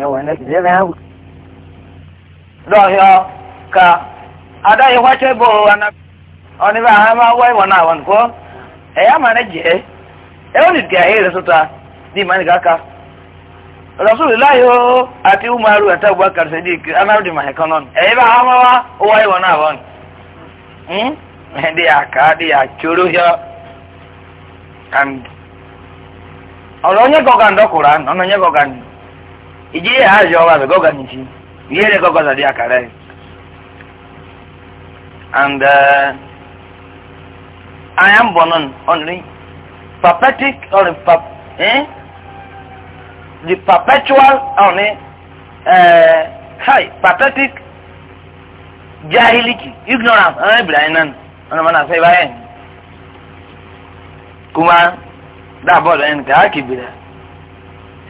Speaker 1: ẹ̀ wọ́n ẹ̀ ṣiṣẹ́ bẹ́ẹ̀ wù. lọ́yọ̀ ka adáyé wáṣẹ́ bò wọn ọ̀ní bá hama owó ìwọ̀ náà wọ́n kọ́ ẹ̀yà máa ní jẹ́ ẹ̀ wọ́n nìkẹ́ ayé rẹ̀ sọ́ta ní ìmọ̀ nìkan ká rasulillahi o àti umaru àti abubakar sadiq anabi mahekanon ẹ̀yẹ́ bá hama wa owó ìwọ̀ náà wọ́n they are car they are churu here and ọ̀rọ̀ onye gọgan dọkụrụ anụ ọnụ onye gọgan iji ihe ha zọọ ọbara gọgan iji ihe re gọgan dị akara and I am born on only papetic or pap eh the perpetual only eh, hi pathetic jahiliki ignorance an ah, rabu nan wani mana sai bayan kuma da bọ́ọ̀lù ẹni kà á kìbìrì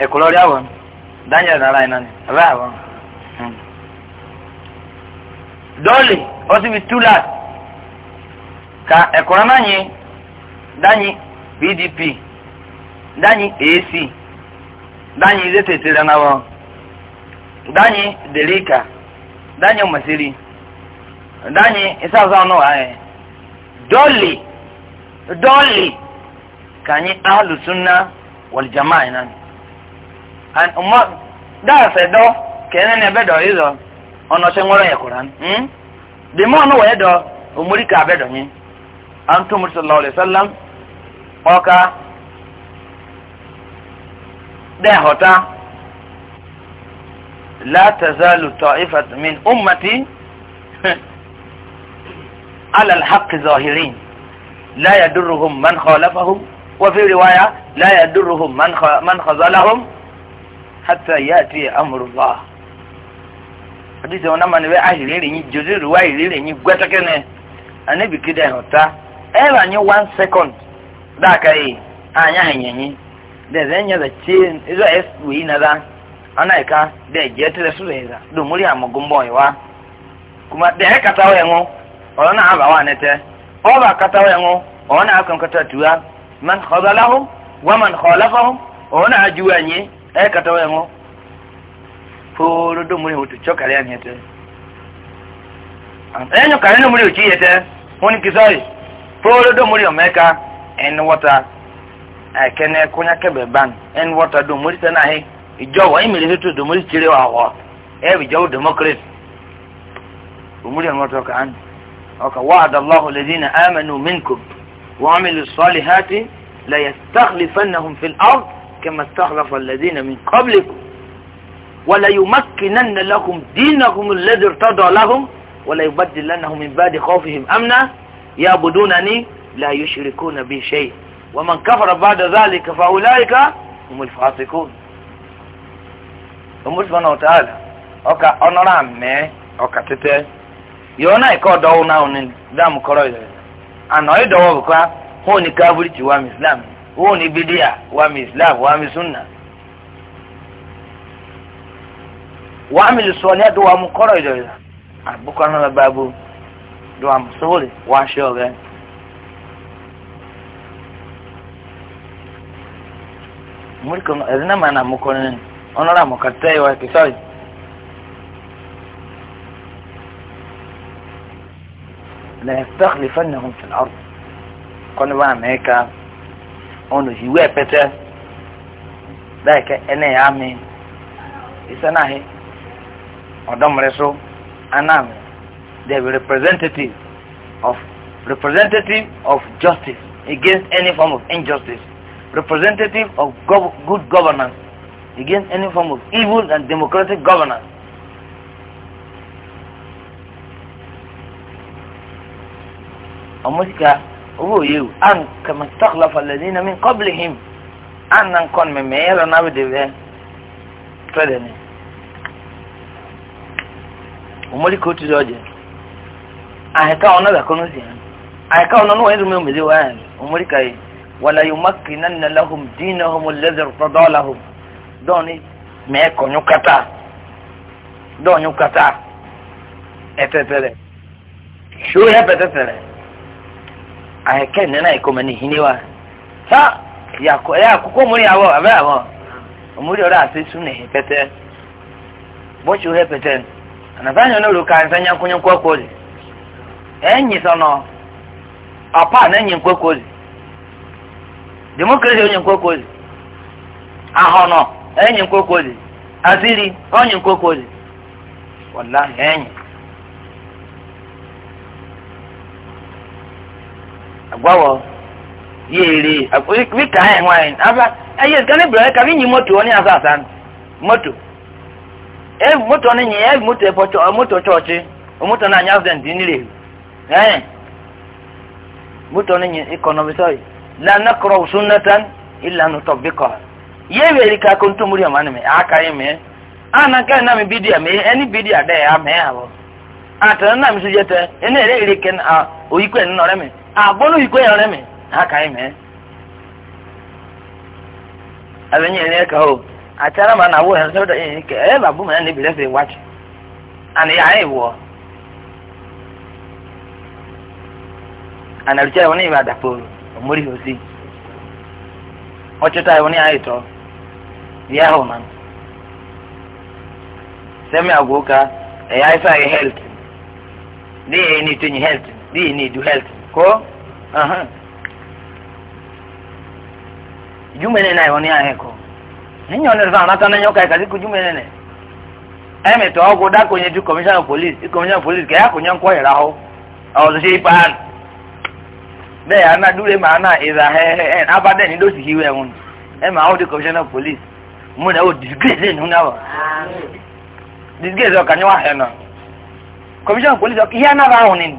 Speaker 1: ẹ̀kọ́ ọrịa àwọn daniel nara ẹ̀nà ni ẹ̀bá àwọn. dọ́ọ̀lì ó sì fi túlà ka ẹ̀kọ́ náà yẹn pdp dányi ac dányi zẹ́tẹ̀tẹ̀ dánáwọ̀ dányi delika dányi masiri. danyi isaza no aye eh. doli doli kanyi ahlu sunna wal jamaa inan an umma da se do kenen ebe do izo ono se ngoro yakuran hm de mo no we do umuri ka be do ni antum sallallahu alaihi wasallam oka de hota la tazalu ta'ifat min ummati على الحق ظاهرين لا يدرهم من خالفهم وفي رواية لا يدرهم من من خذلهم حتى يأتي أمر الله hadisi wọn amani bẹ ahiri rinyi jose ruwa ahiri rinyi gbẹtẹkẹnẹ anabi kida ẹhọ ta ẹ bá nye one second daka yi a nya ahẹnyẹnyi dẹsẹ ẹ nya dẹ chain ẹsọ ẹ wei na da ana ẹka dẹ jẹ tẹlẹ sọrọ ẹ da domori amagun bọ ẹ wa kuma dẹ ẹ kata ọ ẹ ọ̀rọ̀ náà àbá wà nẹ́tẹ́ ọba katawa yẹn o ọ̀rọ̀ náà kan tuwa man xɔzalahu wa man xɔlafahu ọ̀rọ̀ náà juwa nyi ẹ katawa yẹn o fóró domori o tu tsɔ kari yẹn nẹtɛ ẹ nyɔ kari domori o tsi yẹn tɛ wọn ni kisɔ yi fóró domori o mɛka ɛni wɔta ɛ kɛnɛ kɔnya kɛbɛ ban ɛni wɔta domori sɛ n'ahi ìjọ wọ́n yìí mìíràn tó domori tsiri wà wọ́ ẹ bìjọ́ wo democrate domori yẹn kàn án. وعد الله الذين آمنوا منكم وعملوا الصالحات ليستخلفنهم في الأرض كما استخلف الذين من قبلكم وليمكنن لكم دينكم الذي ارتضى لهم وليبدلنهم من بعد خوفهم أمنا يعبدونني لا يشركون بي شيء ومن كفر بعد ذلك فأولئك هم الفاسقون هم سبحانه وتعالى أوكا أنرام أوكا تتي yọọ náà ẹ̀ka ọ̀dọ́wọ́ náà ní dáàmú kọ́rọ́ yìí àná ìdọ́wọ́ kọ́kọ́ islam wọ́n ní islam wà mí sunna wà mí lùsọ̀ ní ẹ̀dọ́ wà mú kọ́rọ́ yìí àbúkọ́ náà bá báàbò dùn àmú sọ́wọ́lì wà ṣe na múlùkọ́ ẹ̀dínàmọ́ la yastakhlifannahum fil ard kɔni baa mɛ ka ɔnu hiwɛ pɛtɛ bɛɛ kɛ ɛnɛ yaa mi isɛ naa he ɔdɔmɔrɛ so anaami they be representative of representative of justice against any form of injustice representative of gov good governance against any form of evil and democratic governance omuska owo yewu an kama stakhlafa alladhina min qablihim an nan kon me meyelo nabe de be tredene omori ko tuzo je aheka ona da kono si aheka ona no ezu me mezi wa omori kai wala yumakkinanna lahum dinahum alladhi irtada lahum doni me konyu kata donyu kata etetere show ya petetere ahɛkɛ nana ikɔmɛ na hinɛ wa sa yakɔ ɛ akoko omori awɔ abɛ awɔ omori ɔrɔ ase na ehe pete bɔtsi hɛ pɛtɛ anafa nyɔ n'olu ka nsa nya nkunye nkɔkɔ li ɛnyi sɔnɔ ɔpa n'enyi nkɔkɔ li demokrasi onye nkɔkɔ li ahɔnɔ ɛnyi nkɔkɔ li asiri ɔnyi nkɔkɔ li wala ɛnyi. agwawo yere wika ayi hwan aba ayi gani bere ka vinyi eh, moto woni asasa eh, eh, moto e moto ni ye moto e pocho moto choche moto na nya zend ni le eh moto ni economy sai la nakra sunnatan illa nutabbiqaha ye bere ka akụ kuntum ri amane me aka yi me ana ka na mi bidia me any dị ya am here bụ atana na mi sujete ị na ere ken a oyikwe nnore me agbolo ikwe ya remi aka ime abin yi ne ka ho a tara ma na wuhan sau da yin ke eh babu mana ne bilafi wace ana ya yi wo ana rikiya wani ba da fo muri hosi wacce ta yi wani ayi to ya hau nan sai mai agoka ya yi sa yi health ne ya yi ni tun yi health ne ya yi ni du health ko aha jumene na yoni aheko ninyo ne zana kana nyoka kazi kujumene ne eme to ogo da ko commissioner of police commissioner of police kaya ko nyanko era ho awo se pan ana dure ma na iza he he ni do si e ma commissioner police mo na o disgrace ni disgrace o commissioner police o ya na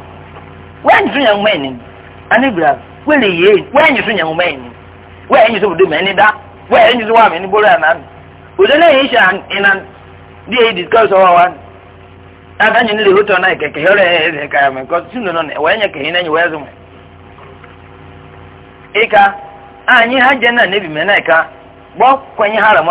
Speaker 1: wẹ́ẹ̀nyí sún yẹn mẹ́ni anibira wẹ́ẹ̀lì yéé wẹ́ẹ̀nyí sún yẹn mẹ́ni wẹ́ẹ̀nyí sún bùdó mẹ́ni dá wẹ́ẹ̀nyí sún wà mí ní bọ́lá yẹn nánu òjò náà yìí ṣe àná bí èyí discuss ọwọ́ wa adanyi nílé hótó náà kẹ̀kẹ́ yọrọ ẹ̀ ẹ̀ kàyà mẹ́ kọ́ sínú náà wẹ́ẹ̀nyẹ kẹ̀yìn náà zùmọ̀ anyị ha jẹ náà n'ebi mẹ́ náà ìka gbọ́ kwenye ha na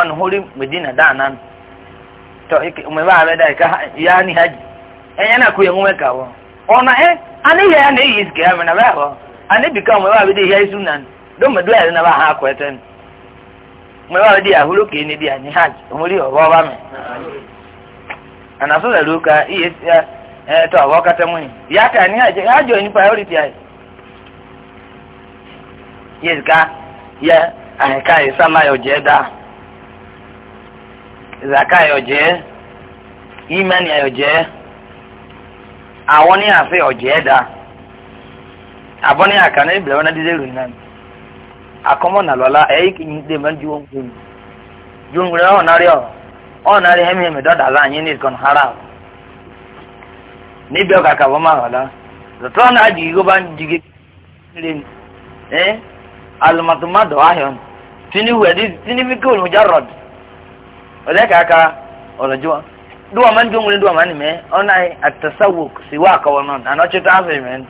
Speaker 1: mọ́nu ana ihe ya na eyi iske ya mana baho ana ebikọ i ba bidi na isunan don na ba ha kweten mwe ba bidi ya hulu ke ni dia ni haj umuri o ba me ana so ya eh to ba ka ta muni ya ta ni haj ya jo ni priority ai yes ya ai kai sala yo da zaka yo je imani yo je àwọn ní àfẹ ọ̀jẹ̀ ẹ̀dá àbọ̀ ní àkànní ìbílẹ̀ wọn dídé rìn náà àkọ́mọ́ nà lọ́la ẹ̀yí kì í dé mẹ́rin ju ohun gbòòrò ju ohun gbòòrò ọ̀nà rí ọ̀ ọ̀nà rí hẹ́mi hẹ́mi láàyè ní ìkànnì hara ọ̀ níbi ọ̀kà kàwọ́ máa lọ́la tọ́tọ́ náà jìgì kó bá ń jìgì tìǹbù tìǹbù kí duwa man jongule duwa man me onai oh, at-tasawwuk siwaka wonon ano chita afi men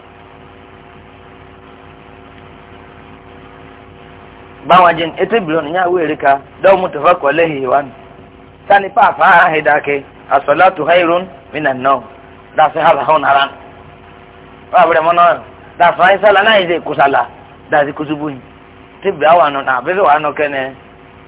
Speaker 1: bawa jin ete bilon nya were ka daw mutafaq alayhi wan tani pa fa hidake as-salatu khairun minan nawm da se hala hon aran wa bure mono da fa sala na ide kusala da zi kuzubu ti bawa no na be wa no kene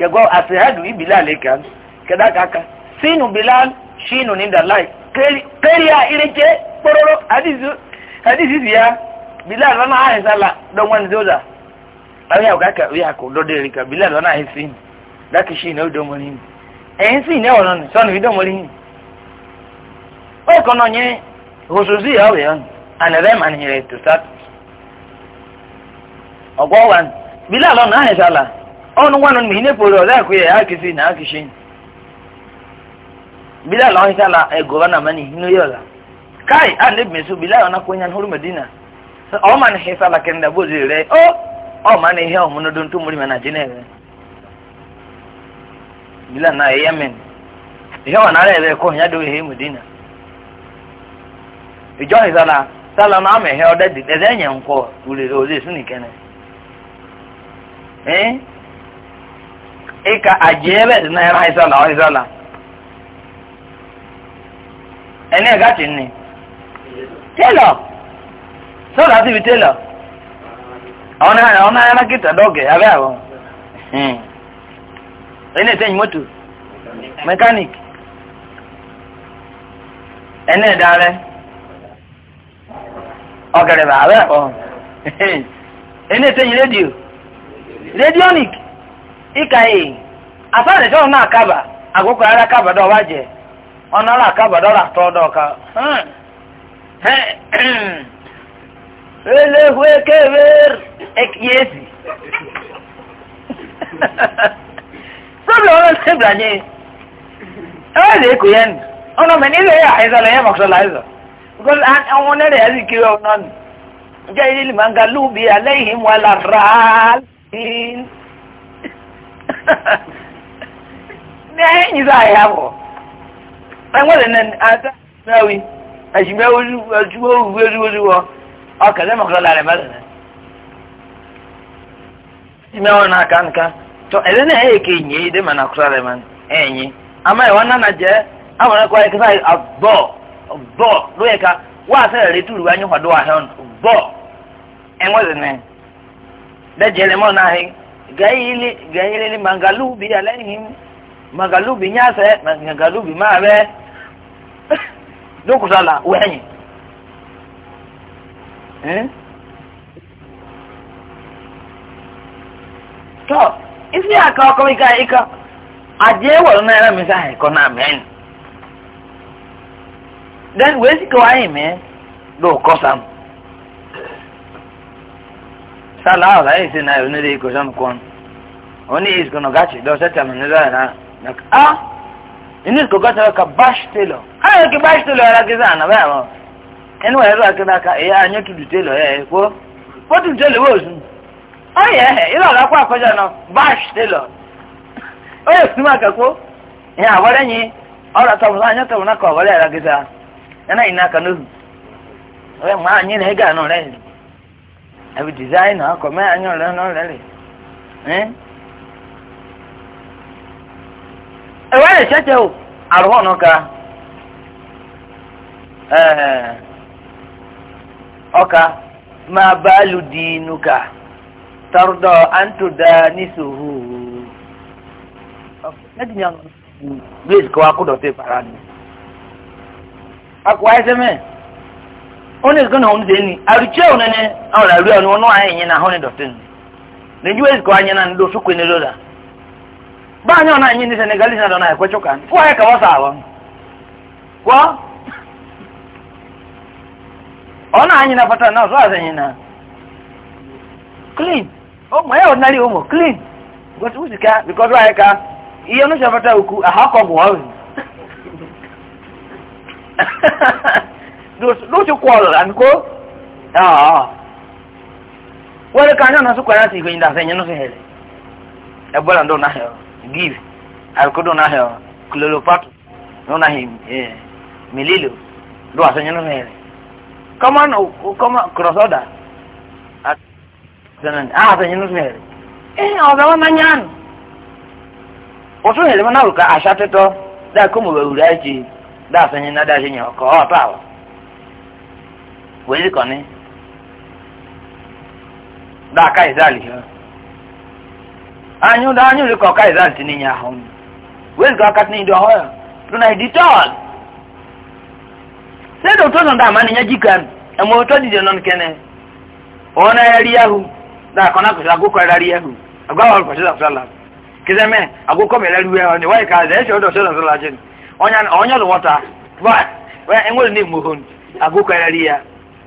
Speaker 1: kẹgbọ́ àṣehàdù ìbílẹ̀ àlẹ́kà kẹdákàkà sínú bilal sínú nídàláì kẹ́ríà ìrẹ́jẹ́ kpọ́rọ́rọ́ àdìsísì ya bilal wọn náà àhẹsàlà dọ́gbọ́n zọ́dà ya, yàgò kàkà òye àkó lọ́dọ̀ èrìkà bilal wọn náà àhẹsìn dákì sínú ọdọmọlì yìí ẹ̀yìn sìn náà wọ̀nà sọ́nù ìdọ́mọlì yìí ó kàn náà nyẹ hososi yà ọ̀rẹ́ yẹn ànàrẹ́ mànìyẹrẹ tó sá ọgbọ́n wa bilal wọn náà ọnụ nwanụ mgbe ị na-ekporo ọzọ akụ ya ya kesi na akịshi bilal ọhịsa la egova na mani hinu ya ọla kai a na ebimesu bilal ọna kwenye hụrụ medina ọ ma na hịsa la kenda bozi re o ọ ma na ihe dị ntu mmiri na jeneve bilal na yemen ihe ọ na-ara ebe kọ ya dowe ihe medina ìjọ hịsa la sala na ama ihe ọdọ dị eze enye nkwọ ulere ozi esu na ee ika ajebe na yana isala wa isala ẹni ẹ̀gá ti ní tẹ́lọ̀ sọ́dọ̀ àti ibi tẹ́lọ̀
Speaker 2: àwọn náà àwọn na yára
Speaker 1: kìtà dọ́ọ̀gẹ̀ abẹ́ àwọn ẹni ẹ̀tẹ́yìn mọ́tò mẹkáníkì ẹni ẹ̀dá rẹ ọ̀gẹ̀rẹ̀ bà abẹ́ àwọn ẹni ẹ̀tẹ́yìn ikaye asaani tí wọn náà kaba àkókò ara kaba dọ̀ wá jẹ wọn náà là kaba dọ̀ là tọ́ dọ̀ ká. Elehue kever ekiesi. Sọ́bìlì wọn ṣe bìlànyé. Ẹ wá lè kó yẹn nù. Ọ̀nà mẹ́ni ilé yà àìsàn lè yẹ mọ̀kọ́ láìsàn. Because àwọn onẹ́rẹ̀ yà sì kiri ọ̀nà nù. Ǹjẹ́ ilé ìlú máa ń ga lúbi alẹ́ yìí n'ahịa enyi za ya bụ enwere na ọ ọ n'aka nka e e na ehe ka enyi ide mana akwụsara ema enyi ama ewa na na je ekesa abọ bọ lóye ka wọ́n asẹ́rẹ̀ rẹ tuuru anyi ahịa ọnụ bọ enwere na dẹ́jẹ́ lẹ́mọ́ n'ahịa gairi gairi mangalubi alaihim mangalubi nyasa mangalubi mawe dokusala wenyi eh to isi aka ko mi ka ika aje woro na era mi sai ko na men then we si ko ai me do sala ala ese na yone de ikosan kon oni is kono gachi do seta no na na a ini ko gata ka bashtelo ha ke bashtelo ala ah! ke zana ba mo enu eru akina ka e anyo tu dutelo e ko ko tu dutelo wo sun o ye ilo la kwa koja no bashtelo o ye sima e ora na ko wale ala ke za ena ina na àbí dìsáínà akọ mẹ́rin àyàn rẹ̀ náà rẹ̀ rẹ̀ ẹ̀wá lè ṣẹ́ṣẹ́ o àrùn ọ̀nà ka ọkà máa bá lu dìínú ka tọrọdọ àǹtọ̀dá níṣòwò ẹ̀dì ni àwọn gbèsè kọ́ akọ́dọ̀ tó ìpara ni. akọ àìsẹ́ mẹ́rin. onye ego na ọ ndị enyi arụchie onene ahụrụ arịọ ọnụ ọnụ anyị ịnyịna na ahụ ndọtị nri n'eji wezi ka anyị na ndị ofu kwene roda ba anyị ọna anyị ndị senegalese na dọna ekwe chụka fụ anyị ka wọsa ahụ kwọ ọ na anyị na fata na ọzọ azụ ịnyịna klin clean ụmụ ya ọdịnarị ụmụ klin gosi usika bikọtụ anyị ka ihe ọnụ si afata okwu ahụ akọ bụ ọrụ ló ti kọ ọ̀rọ̀ àbíkó ah, ah. wọ́n lè ka ní ọ̀nà sọ́kọ̀ láti ìgbẹ̀yìn dàsẹ̀ yẹn lọ́sẹ̀ hẹ̀lẹ̀ ẹgbẹ́ làndó náà hẹ̀ give àbíkódó náà hẹ̀ cloropato náà hẹ̀ mélèlò ló àsẹ̀ yẹn lọ́sẹ̀ hẹ̀lẹ̀ kọ́mọ́nù kọ́mọ́ kọ̀rọ̀sọ́dà àsẹ̀ yẹn lọ́sẹ̀ hẹ̀lẹ̀ ẹ̀ eh, ọ̀dọ̀ wọn náà nyánù òtún hẹ̀lẹ̀ mọ́ náà rò ká àṣà tẹ́tọ́ dáa kó mo bẹ̀rù wèé kàn ní dá káìsáàlì yọ anyụ dá anyụ kọ káìsáàlì sí ní ìyá ahọ́ mi wèé nǹkan ní ìdí ọ̀họ́ yà tó ìdí tọ́ọ̀lù sẹ́dọ̀ tó nà dàmà nìyẹn jìkà ẹ̀mọ́ tó dìde nọ nìkẹ́nẹ́ òun náà rí yahu dá àkọ́ náà kòsìlá àgókò ẹ̀rá rí yahu àgọ́ àwọn kòsìlá kòsìlá kìsẹ́mẹ́ àgókò rí wáyé ẹ̀ ṣe ọ̀dọ̀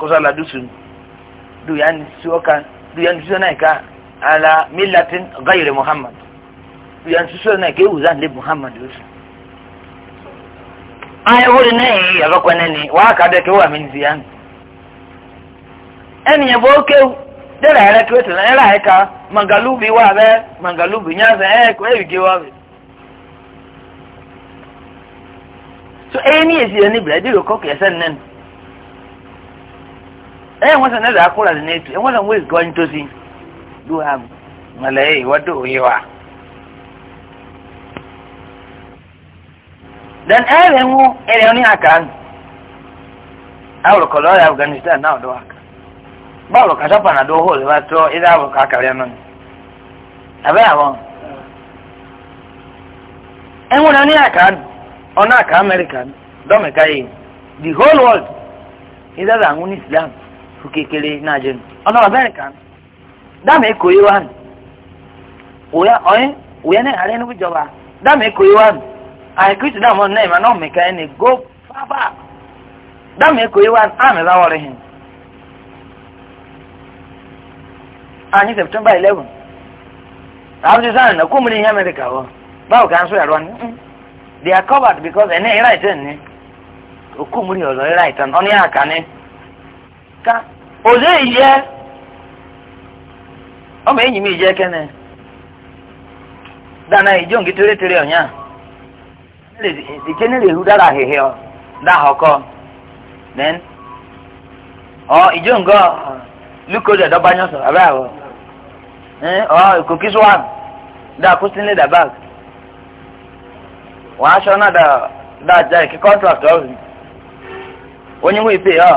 Speaker 1: kosa la dusun du yani suwa kan du yani suwa nai ka ala millatin gayre muhammad du yani suwa nai ke wuzan le muhammad dusun
Speaker 2: aya wuri nai ya ga kwana ne
Speaker 1: wa ka da ke wa min ziyan ẹni yẹn bó kéwù dẹ́rẹ̀ ẹ̀rẹ́ kí ó tẹ̀lé ẹ̀rẹ́ àyíká mangalubi wà bẹ́ẹ̀ mangalubi nyàzẹ̀ ẹ̀ẹ́kọ́ ẹ̀yìgé wà bẹ́ẹ̀. so eni ní èsì yẹn ní bìrẹ̀ ẹ̀dí rẹ̀ kọ́kì ẹ̀sẹ̀ eh wasa na da akura da netu eh wannan wai ga wani tosi duha malaye wato oyewa dan ere mu ere eh, ni akan awro kolo ya afghanistan na do aka bawro ka sapa na do ho le wato ida eh, awro ka ka re non abe awon en wona ni akan ona ka american do me kai the whole world ida eh, da ngun islam fukekele na jen ọnụ amerikan dama eko iwe ahụ oya onye oya na ghara enugu jọba dama eko iwe ahụ anyị kristi dama ọnụ na-eme anọ mmeka ya na-ego papa dama eko iwe ahụ amị lawọrọ ihe anyị septemba 11 abụzi sanị na kwumiri ihe amerịka ọ báwo ka nsọ yàrá ni they are covered because ẹni ẹ̀rá ìtẹ́ ni okwumiri ọ̀zọ́ ẹ̀rá ìtẹ́ ni ọ ní àkànní ká òzé ìyẹ́ ọmọ èyí mi ìyẹ́ kẹ́nẹ̀ dáná ìjọ nǹkan tere tóri ọ̀nyá ìkéne lè hu dára ahìhìọ dáhọkọ then ọ ìjọ ọ, lukoda dọ́bányọ́ sọ abẹ́ àwọ̀ eh, ọ ìkòkí swan dá kústínlẹ̀ dà bag wọ́n aṣọ náà dá dá jẹ́ kí contract ọ̀hún onye wípé ọ.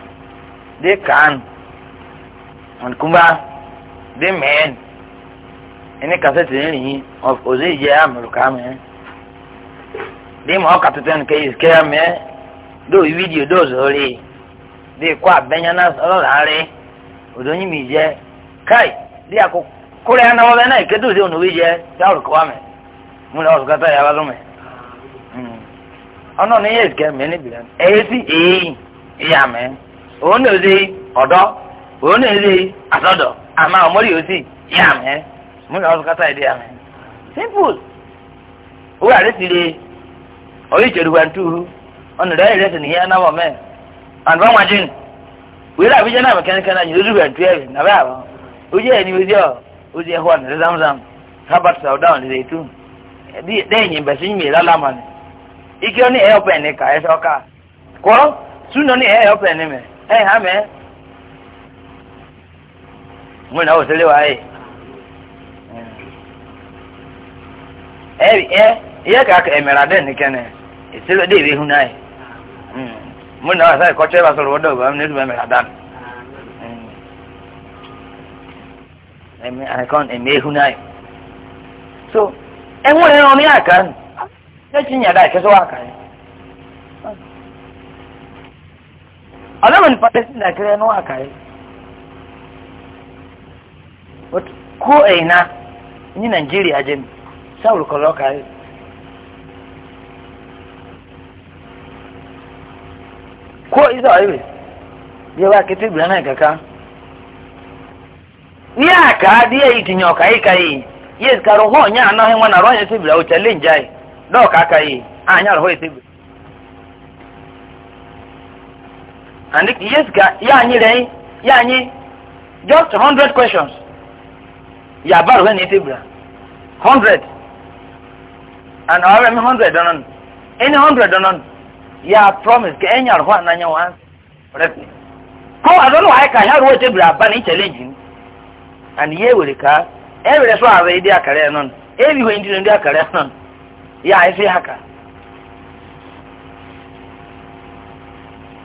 Speaker 1: de kan wọn kumba de mɛn ɛni kasɛti ni lihi ɔze yi yɛ amɛruka mɛ de ma ɔka tete ni kɛyi kɛya mɛ de o vidio de o zɔre de kɔ abɛnyana ɔlɔlare odo nyi mi jɛ kai de ako kóra yẹn náwó bẹ náà eh, ìkéde eh, òde ònà òwe jẹ tí a rò kọ́ wa mẹ mo náà ọ̀sùn kẹta yàrá lómẹ ọ̀nà ní yẹ ìkẹ́ mẹ níbi rẹ ẹ̀yẹ sí èyí ìyá mẹ òun náà ṣe ọ̀dọ́ òun náà ṣe àtọ̀dọ̀ àmọ́ ọmọdé yóò sì yá mẹ́ múlẹ̀ kátà ìdí àmẹ́ simple owó àrẹ ti le ọ̀yọ́ ìjọba ntúru ọ̀nà ìdáyẹ̀ rẹ̀ sì nìyẹn náà wọ̀ mẹ́ àná wọn jìn wíwá àbíjẹ́ náà mẹ́ kẹ́nikẹ́ náà yóò dùbẹ̀ ntú ẹ̀rì nàbẹ́ àbọ̀ ojú ẹ̀ ni ojú ọ̀ ojú ẹ̀ hó ọ̀nà rẹ̀ zamzam harvard saudan lè tu dẹ́yìn bẹ̀sí yìí mìíràn lámà ni ike ọ ní ẹ̀yọ́ pẹ̀ ní ká ẹ̀ṣọ́ ká kọ́ súnà ní ẹ̀yọ́ pẹ̀ ní mẹ́ ẹ hàn mẹ mo náà òṣèlè wa yìí ẹ ẹ iye kàkà ẹmẹrà dẹ nìkẹnẹ ìṣẹlẹ dé ìwé hu náà yìí mo náà àṣà ìkọ́tsẹ́ ìbá sọ̀rọ̀ wọ́dọ̀ ọ̀gbọ́n ní ìdúgbò ẹmẹrà dánù ẹmẹ àìkọ́n ẹmẹ ehu náà yìí so ẹ̀wọ̀n ẹ̀rọ mi àkànnì ẹ̀ ti yàn dá ìkẹ́sọ́ wa kàn yìí. alaman fatasin da kare nawa kare ko aina ni nigeria jami saur kolo kare ko izo aiwe je wa kete gbana kaka ni aka di e itinyo kai kai yes karo ho nya na he wana ro nya tibira o challenge ai do kaka yi anya ro he tibira and yes ga ya anyi re ya anyi just hundred questions ya baro ni tebra hundred. and awe mi 100 donon any 100 donon ya promise ke enya ro na nya wan rep ko i don't know why ka ya ro tebra ba ni challenge and ye we ka Every we so ave dia kare non Every bi ho ndi ndi akare non ya ife haka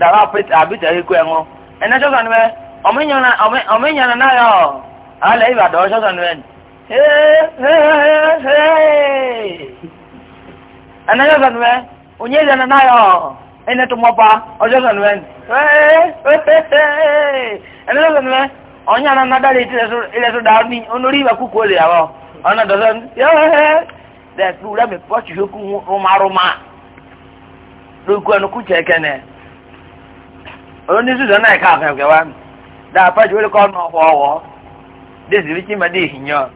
Speaker 1: dàbà apẹtẹ àbítẹ kíkọ ẹ wọn ẹnẹ sọsọ ni bẹ ọmọ ìyànnà náà yọ ọ ìbàdàn ọ ni bẹ ẹnẹ sọsọ ni bẹ onye ìyànnà náà yọ ọ tó mọ pa ọ ni bẹ ẹnẹ sọsọ ni bẹ ọnyà náà náà dárí ilẹ̀ ní onórí ìwà kúkú olè àwọ ọ̀nà dọ̀sọ́ ni yẹ́ẹ́ onísùsọ náà ká àfẹ́ òkèwà dáa pàjù ó lè kọ́ ọ̀nà ọ̀wọ̀ ọ̀wọ̀ déèsì rí kíma dé ìhìyàn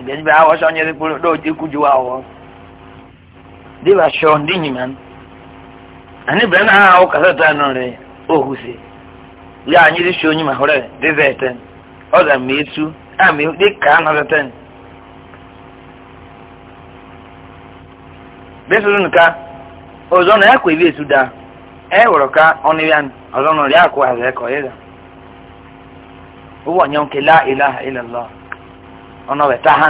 Speaker 1: ìdẹ́ni bá wọ́n sọ́nyẹ́ rí kúrò dóò dé kújú wa wọ́ dèbà sọ ndí nyìmá àní bẹ̀rẹ̀ náà ó kàtà tó àná rẹ̀ ó hù sí yá anyi rí sọ nyìmá rẹ̀ dèbà ẹ̀tẹ́n ọ̀dà mẹ́tú àmì ewere ka ọnụ ya ọzọ nọrọ ya akụ ahụ ekọ ịda ụgbọ nyom kela ilaha ilallah ọnụ weta ha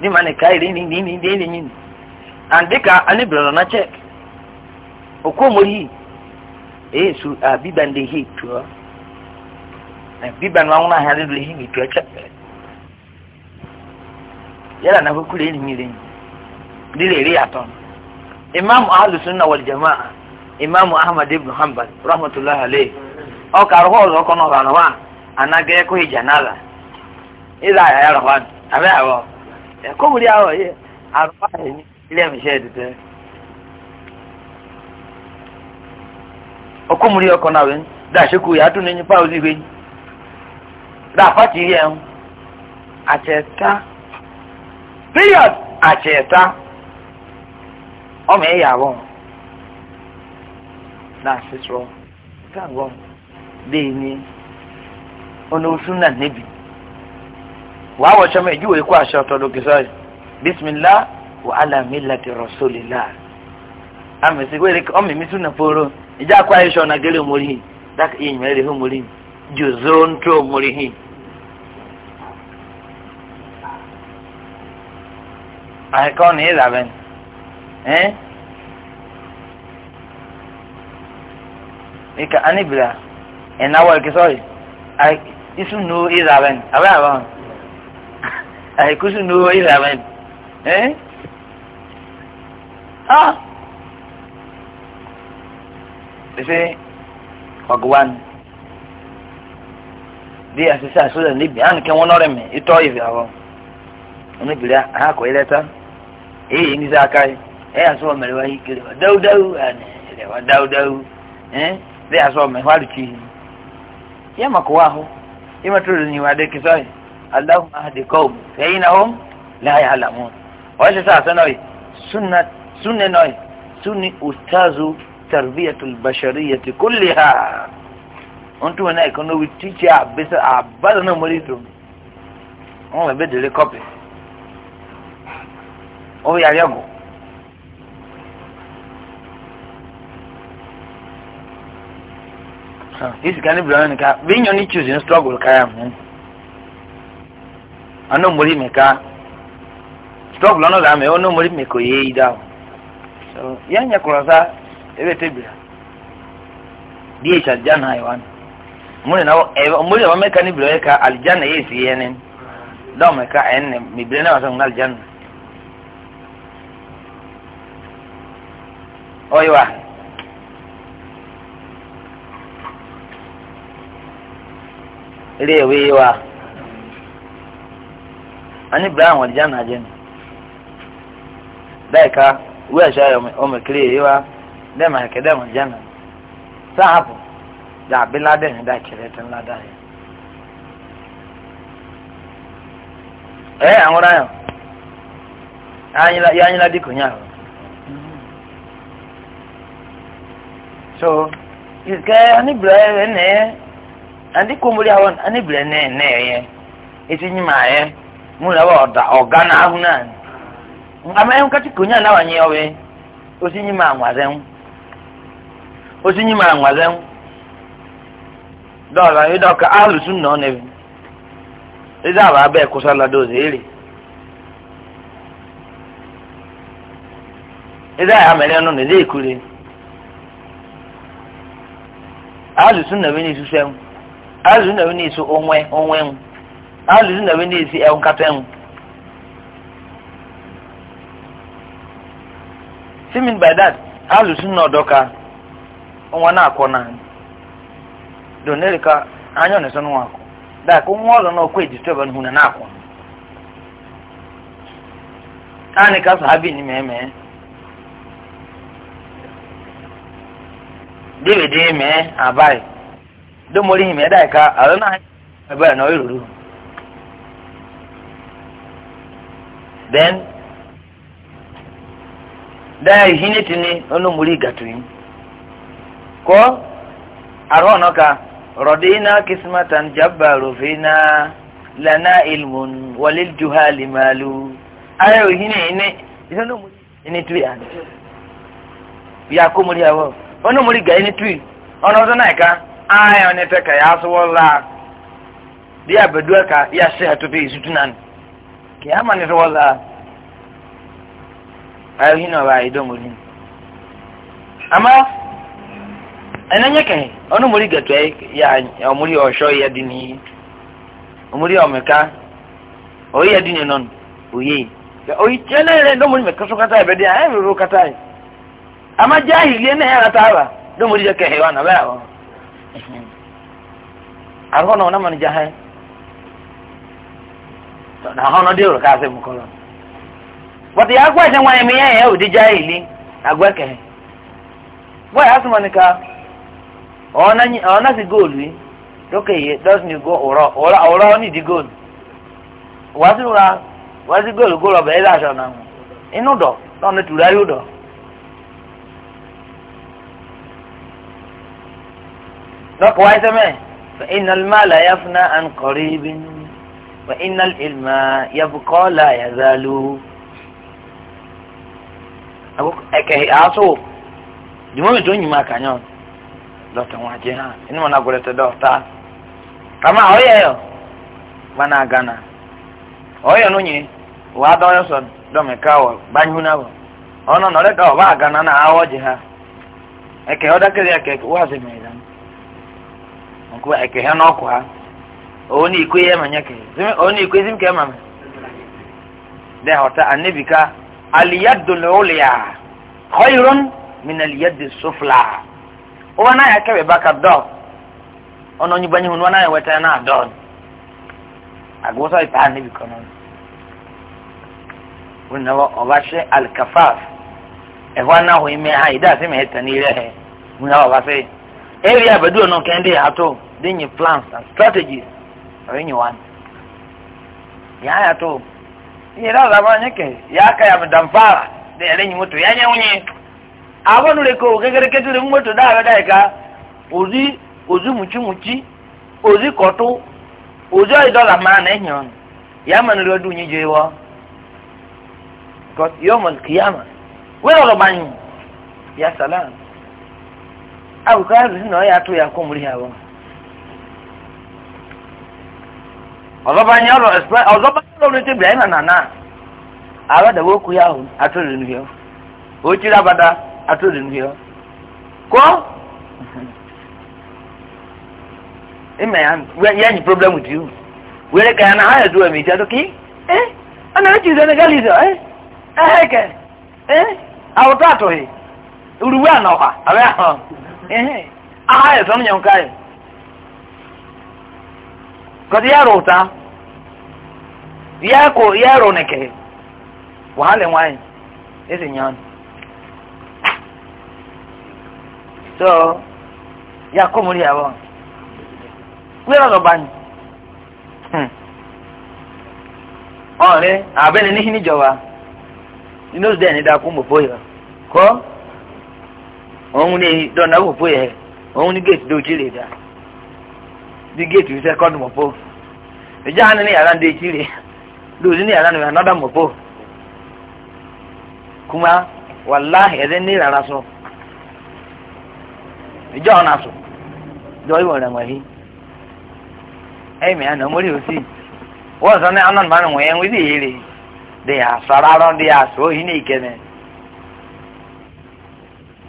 Speaker 1: ni ma ne kairi ni ni ni ni ni and dika ani brother na chek okwo mori eh su abiban de hi to abiban wa una hali de hi to check yala na hukule ni ni ni eri ri atona imam ahlus sunna wal jamaa imam ahmad ibn hanbal rahmatullah alayhi o ka ro ho ko no bana wa ana ge ko ijanala ila ya ro wa abe awo e ko awo ye ni ile mi na we da ya ni pa we da acheta ọmọ ẹ yà wọn náà sísọ káwọn bẹ́ẹ̀ ni oníwùsùn náà níbi wàá wọ̀ sọmọ ìjúwò ikú àṣẹ ọ̀tọ̀dọ̀ kìsọ́ bisimilá wà á làmì láti rọ̀ṣọ́lélá àmì sí ka ọmọ mi sùn náà fọ́rọ́ ìjà kó ayé sọ̀nà gẹ́rẹ́ mórí hìn dákì yìí ìyìn ihe hó hi hìn jòzó ń tó mórí hìn. àìkọ́ ni na bẹ́ẹ̀ ni. eh ika anibira ena wa ke sorry ai isu no iraben abe abe ai kusu no iraben eh ah ese ogwan di asese asoda nibi an ke won ore mi ito ivi awo onibira ha ko ileta eyi ni zakai ẹ yà sọ mẹrẹ wáyé kiri wa dáwúdáwú ẹni ẹrẹ wa dáwúdáwú ẹ bẹ yà sọ mẹrẹ wáyé kiri yẹ mà kó wá hó yẹ mà tó lóyún adé kisọ yìí aláwọ àdè kọ́ òmù fẹ́yìn náà hóm láyà àlàmú wọ́n ṣe sá àṣẹ náà yìí súnẹ náà yìí súnni ustazu tarbiyatul bashariyati kulliha wọn tún wọn náà ẹ̀kọ́ náà wí tíṣe àbẹ́sẹ̀ àbádọ́ náà mọ́lẹ́ tó wọn bẹ̀ bẹ́ẹ̀ délé kọ́pì ó yàrá ẹ̀gùn. isi ka ni brown ka bi nyɔ ni choose struggle ka ya mu ano mori mi ka struggle ɔno la mi ɔno mori mi ko ye yi so ya nyɛ kɔlɔsa ebe te bira bi esi alijana ayi wa ni mori na ɛ e, mori wa mɛka ni bira yɛ e ka alijana yɛ esi yɛ ni dɔw mɛka ɛn ne mi bira ne wa sɔn ŋun alijana ɔyi wa. iléèwé wa ani ibrahim ọdija na jẹ dẹka wíwá ẹṣọ ọmọ ìkìlẹ wa dẹmọ ẹkẹ dẹmọ ọdija na sáàpù dàbí ládẹni dá kẹrẹ tẹ ńlá dá yẹ. ẹ àwọn ráyọ yà ányínlá dìkù ní àwọn. so ìkẹ́ ani ibrahim ẹ̀ nẹ́ẹ́. ndị komori awon ani bere ne ne ye eti nyima ye mu na ba oda oga na ahu na ama en kati kunya na wanye owe osi nyima anwaze n osi nyima anwaze n dọla yi dọka alusun na ọnẹ ezi aba abẹ kusa lado zeri ezi aya mere ọnụ na ezi ekure alusun na bi ni susẹ mu. azụ na wene esi onwe onwe m azụ na wene esi ewu nkata m simin by that azụ si na ka nwa e na akwọ na donere ka anya na esonu nwa akọ dak nwa ọzọ na ọkwa ejito ebe n'ihu na na akwọ ani ka sahabi ni mẹ́mẹ́ david mẹ́ abai don mori him yada ka aro na ebe na oiruru then da ihine tini ono mori gatu yin ko aro na ka rodina kismatan jabbaru fina lana ilmun walil juhali malu ayo ihine ine isono mori ini tu ya ya ko mori awo ono mori ga ini tu ono zo na ka aya onye teka ya asụwọla di dia bedua ka ya si ha tupu izutu na ka ya ma nịrịwọla ayo hi na ọba ido mori ama ẹnẹnyẹ kẹhìn ọnu mori gẹtọ ya ọmori ọṣọ ya di ni ọmori ọmẹka oyi ya di ni nọn oye oyi tiẹ náà yẹrẹ ndọmori mẹka so kata ẹbẹ di ya ẹ rọrọ kata yẹ ama jahiliya náà yàrá tààrà ndọmori jẹ kẹhìn wa nàbẹ àwọn. arko na wannan jaha na hono dio ka se mukolo but ya gwa je wa mi ye o di jahili agwa ke wa ya suma nika ona ni ona si goal wi doke ye does ni go ora ora ora ni di goal wa si ora wa si goal goal ba ela sha na inu do don ni turari do dọ́kọ̀ wáyé sẹ́mẹ̀ fa iná mọ́lá yá fún náà à ń kọ̀rí ibi nù fa iná ìlmà yá fún kọ́ọ̀lá yá zálú. ẹ̀kẹ́ àásù jùmọ́ mi tó ń yìí máa kànyọ́ dọ́tọ̀ wọn àjẹ́ hàn inú wọn náà gbọ́dọ̀ tẹ dọ́ọ̀ta kàmá ọ̀yẹ́ yọ gbaná gánà ọ̀yẹ́ nù na wàá dọ́yọ̀ sọ dọ́mẹ̀ká wọ̀ gbányú náà wọ̀ ọ̀nà nọ̀rẹ́ká wọ̀ ha nkuba eke ha n'ọkụ ha owo na ikwe ya manya ke owo na ikwe zim ke ma me de ka min aliyaddi sufla owa na ya ke be baka do ono nyi banyi ya na do agwosa ipa annabi ko ime ha area abadu ono kɛn de ato de nye plans and strategies ɔyɛ nye wan yaa yato yɛrɛ alaba nye kɛ ya ka yamu danfara de yɛrɛ nye moto yaa nye wunye awo le ko kekere kekere moto da yi ka ozi ozi mutsi mutsi ozi kɔtu ozi ɔyi dɔla maa na enye wɔn yaa ma no du nye dzoe wɔ because yɔ mɔ kiyama wɛrɛ ɔlɔba nyi yaa salam. awukazi zino oyo atuyako omuli abo ozobanyalo ozobanyalo olwete ibrahima nana abada bokuyahu atolinhyo okiri abada atolinhyo ko ya yanyi problem with you werekayana haya zuwa miti atoki eh anawechizanegalizo eh aheke eh awotatohi uruwe anoha abeaho ehe aha ya sanu nyam ya kadi yaro ta yako yaro ne ke wahale wai ese nyan so ya ko muri awo wera lo ban hmm ore abene ni hini jowa you know then da ku mo ko òun ni dọ̀nà òfò yẹ òun ni gate dòjì lè dà bí gate fi second mọ̀pọ̀ ìjà hàn ní yàrá ndé chile lòdì ní yàrá ní another mọ̀pọ̀ kuma wàláhì ẹ̀dẹ̀ ní yàrá sọ ìjà ọ̀nà sọ jọ ìwọ̀n rẹ̀ wọ̀nyí ẹ̀yìn mìíràn náà òsì wọ́n sọ ní anan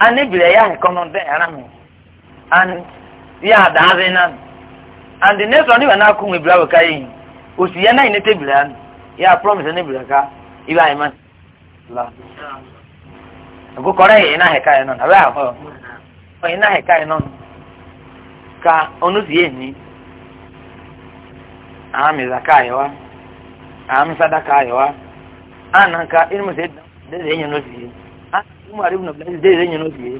Speaker 1: anibire ya hekɔnɔ dɛ arami and ya adaade na and the next one ibana akun ebira awɔ ka yi osi ya nayi nete bira ano ya promise ne bira ka ibi ayi ma la ɛgu kɔrɛ yi ina heka yi nɔn abe ahɔ ɔ ina heka yi nɔn ka ɔno si eni ahami zaka ayi wa ahami sadaka ayi wa ananka inu mi se de enyo no si yi. umar ibn abdulaziz dé ìrẹ́yìn náà bìí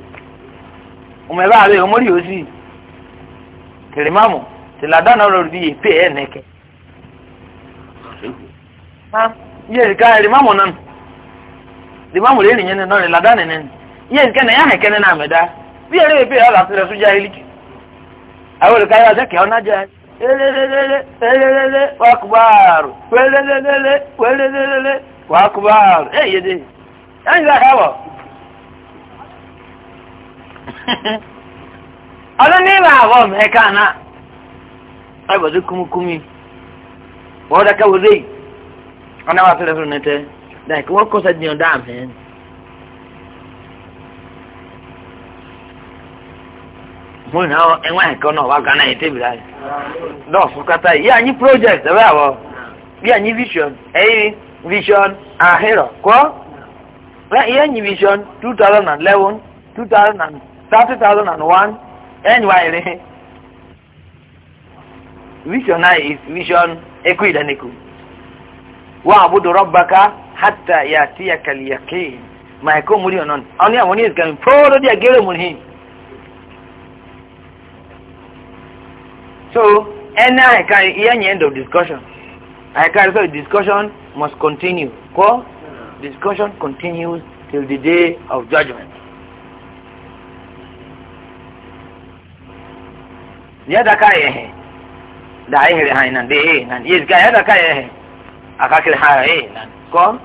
Speaker 1: ọmọ ẹ̀bá rẹ̀ ọmọ rí òsì kìrìmáàmù tìládá náà rọrùn bí èpè ẹ̀ nẹ́kẹ́ yẹ ìka ìrìmáàmù náà ìrìmáàmù rẹ̀ nìyẹn náà rẹ̀ ládá nìyẹn yẹ ìka náà yà hẹ̀kẹ́ náà mẹ́dá bí ẹ̀rẹ́ èpè ẹ̀ lásìrẹ̀ sójà ìlíkì àwọn ìka yà sẹ́kẹ̀ ọ̀nà jẹ́ elelelele elelele wakubaaru welelelele welelelele wakubaaru ẹ̀ yé de ẹ̀ ń gbà káwọ̀. ọdún ní abụọ àwọ̀ ka náà ẹ̀bọ̀dún kúmukúmi wọ́n dẹ́ka wọlé yìí ọ̀nà wà fẹ́rẹ́ fẹ́rẹ́ nẹ́tẹ́ dàkí wọ́n kọ́ sẹ́dínyàn dáa mẹ́rin. ọ ẹ̀wọ̀n ẹ̀kọ́ náà wà gánà yìí tẹ́bi láyé dọ́ọ̀sù anyị. yìí ànyí project ẹ̀wẹ́ àwọ̀ bí ànyí vision ẹ̀yìn vision àhírọ̀ vision two thousand and eleven two thousand and. thirty thousand and one nyr vision na is vision ekwidaniku wa abudu rabbaka hatta yatiyaka al-yaqin ma ko muri onon oni amoni is going forward dia gere muri so and i can hear the end of discussion i can so discussion must continue ko discussion continues till the day of judgment yadda ka yi ehe da ayi hiri eh. hainan da yi eh, nan yi zika yadda ka yi ehe a kakil haya yi nan ko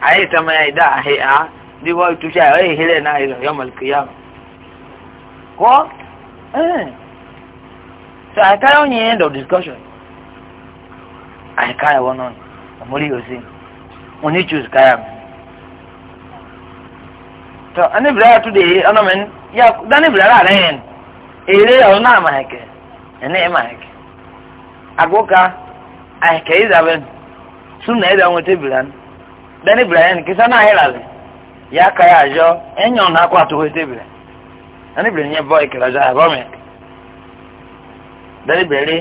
Speaker 1: a yi ta mai da a a di wa tushe eh, a yi hiri na yi yau malkiya ko eh so a carry on end of discussion a carry one on amori yosin oni choose kaya mi to anibirara today ọ̀nà mi ya danibirara rẹ̀ yẹn èrè ọ̀nà àmàlẹ̀kẹ̀. ene ema eke agoka ahike izaben sunna eza nwete bilan dani bilan kisa na ahirale ya aka ya ajọ enyo na akwa to wete bilan dani bilan nye boy kira ja ba me dani bere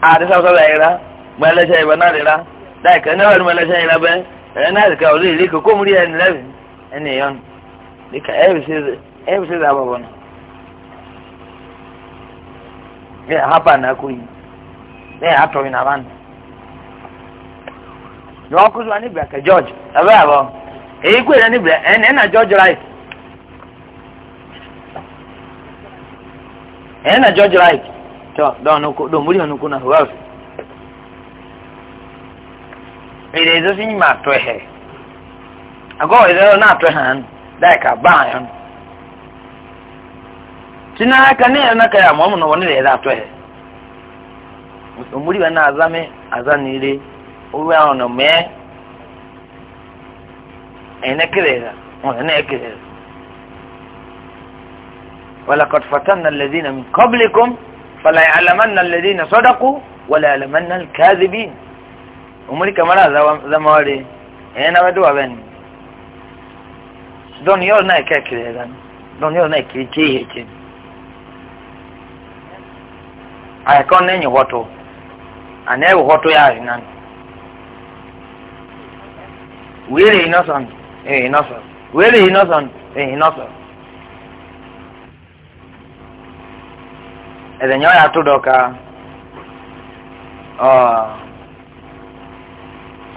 Speaker 1: a de sa so la ira mele se ba na ira dai ka ne wa mele ira be ena ka o ri ri ko ko muri en ene yon dika every says every says ababona ẹ hapa na akọ yi ẹ na ban na bia george ebe abọ eyi kwe na ni bia ẹ na george right ẹ na george right tọ dọ n'ụkwụ dọ mmiri n'ụkwụ na wọf èdè ezosi nyima atọ ẹhẹ agọ ẹdẹ ọ na atọ ẹhẹ nù baa tinara ka ne yana ka ya mu no woni le da to he omuri bana azame azanire owe ono me ene kirera ene kirera ولقد فتنا الذين من قبلكم فلا يعلمن الذين صدقوا ولا يعلمن الكاذبين omuri kamara zamawari ena waduwa bani don yol na ikekirera don yol na ikirikihekeni ayɛka ɔno enyi hɔ to anaa ɛwɔ hɔ to yɛ ahena no wéèrè yìí nọ́sàn èyí nọ́sàn wéèrè yìí nọ́sàn èyí nọ́sàn. ẹ̀dẹ̀ nyɛ ɔyà tó dɔ̀ka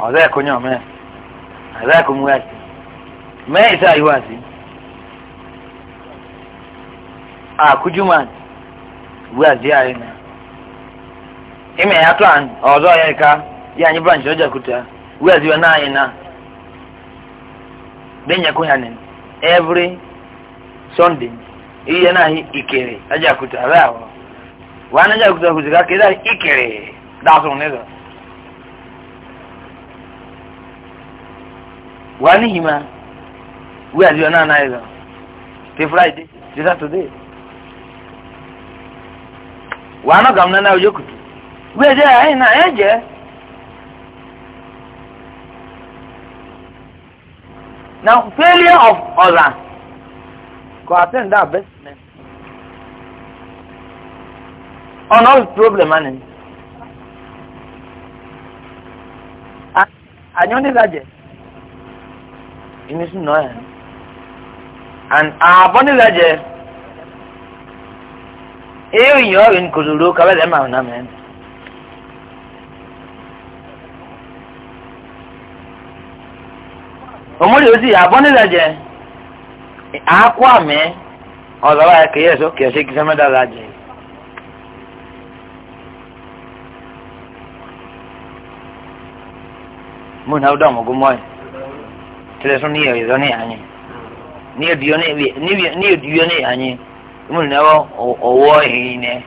Speaker 1: ɔdɛ ɛkò nyɛ ɔmɛ ɔdɛ ɛkò mu ɛsì mɛ ɛsɛ ayi wa si akudu man wu adi ayi na. ime ya tụ ọzọ ya ka ya anyị branch ọjọ kuta wee ziwe na anyị na denyekwu ya nị every sunday ihe na ahị ikere ọjọ kuta abịa ahụ wee na ọjọ kuta kuzi ka kedu ahị ikere dasụ n'ịzọ wee n'ihi ma wee ziwe na anaghị zọ till friday till saturday wee anọ ga m na na ọjọ kuta gbèdé ẹ̀yìn náà ẹ̀ jẹ́. na failure of other, go attend that best man on all problem ani ah, àyàn ní ìlàjẹ ìní sùn náà yẹn and àbọ̀ ní ìlàjẹ èyí ò yàn ọ́ ìnkòlòrò kàwé ọ̀nà mẹ́rin. omori osi abọ́nidàjẹ́ àákó àmì ọ̀dọ́wà kìí ẹ̀sọ́ kìí ẹ̀sẹ̀ kìí sẹ́mẹ́dà lájẹ́. mo náà dọ̀ ọ̀mọ̀gó mọ́ ẹ̀ tẹ́lẹ̀ sún ní ẹ̀yọ́ ní àyìn ní èdìyọ́ ní àyìn mo náà ọwọ́ ẹ̀yìn náà.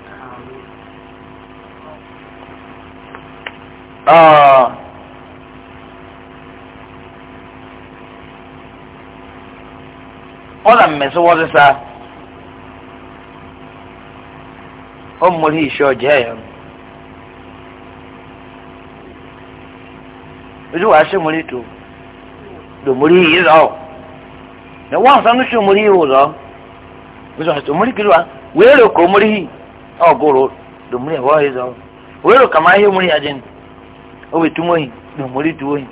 Speaker 1: kɔla mmɛsɛ wɔde saa ɔmmɔri ihyɛ ɔgya yɛ no ebi wàá hyɛ mmɔri to do mmɔri yi zɔ na wɔn nsa no hyɛ mmɔri yi wò zɔ ebi wàá hyɛ mmɔri kiri wa wéèrè kò mmɔri yi ɔgoro do mmɔri ɛwɔ yi zɔ wéèrè kàmá yɛ mmɔri yagye no ɔbɛ tum oyin do mmɔri tu oyin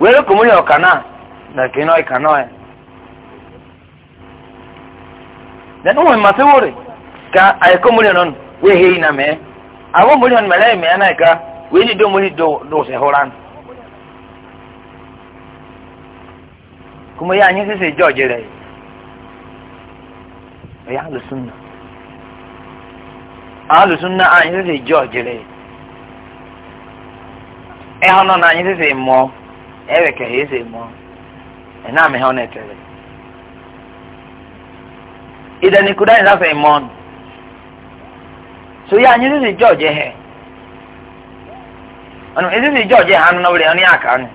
Speaker 1: wéèrè kò mmɔri ɔkànnà na kìnnà ɔkànnà yɛ. then ụmụ mmasị wụrị ka ayịkọ mmiri nọ wee hie ina mee ahụ mmiri nọ mere eme anaghị ka wee ji do mmiri dụsị hụra nụ kuma ya anyị sisi jọjị rẹ ya alụsụnna alụsụnna anyị sisi jọjị rẹ ịhụ nọ na anyị sisi mmụọ ebe ka ha esi mmụọ ị na-amị ha ọ na-etere idan kuda ina fe mon so ya nyi ni joje he anu izi ni joje hanu na wuri ani aka ni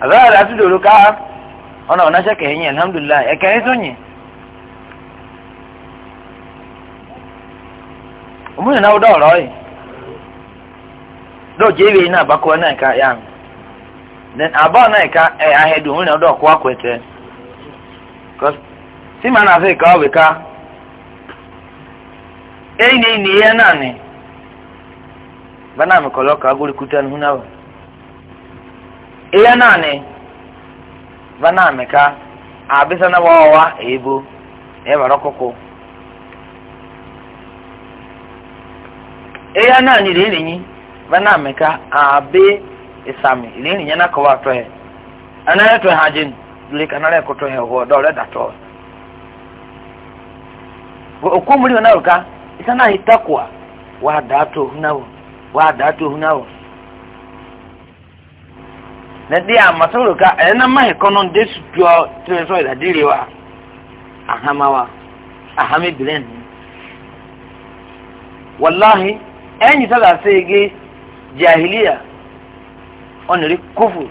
Speaker 1: azara da tudo ruka ona ona se ke yin alhamdulillah e ke so yin omu na odo ro yi do jebe ina bakwa na ka ya then aba na ka e ahedu omu na odo kwa kwete sima na afọ ọ bụ ka eyi na enyi ya naanị bana ka agụrụ kuta n'ihu na eya naanị bana mika abisa na wawawa ebo ebara ọkụkụ eya naanị na enyi na enyi na atọ ya dule kanara ekoto he ho dole dato okumuli onaruka isana hitakwa wa dato hunawo wa dato hunawo e na e e di amasoruka ena mahe konon desu tuo tuo da diliwa ahamawa ahami bilen wallahi enyi sada sege jahiliya oniri kufuru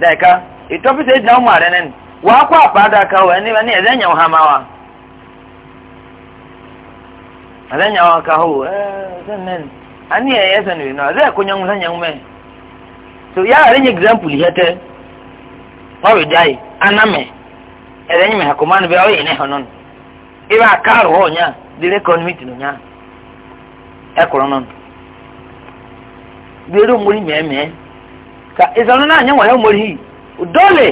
Speaker 1: daika itopi sai jina umar nan wa ku afada ka wa ne ne zan yawo hamawa zan yawo ka ho eh ani ya yasa ne na zai kunya mun zan yawo me so ya rin example yete ma we dai aname eren me hakuma ne be o ne honon iba karu ho nya dire conmit no nya ekoro non Gbèrú mórí mẹ́mẹ́ ka izanu na anya nwayo mori dole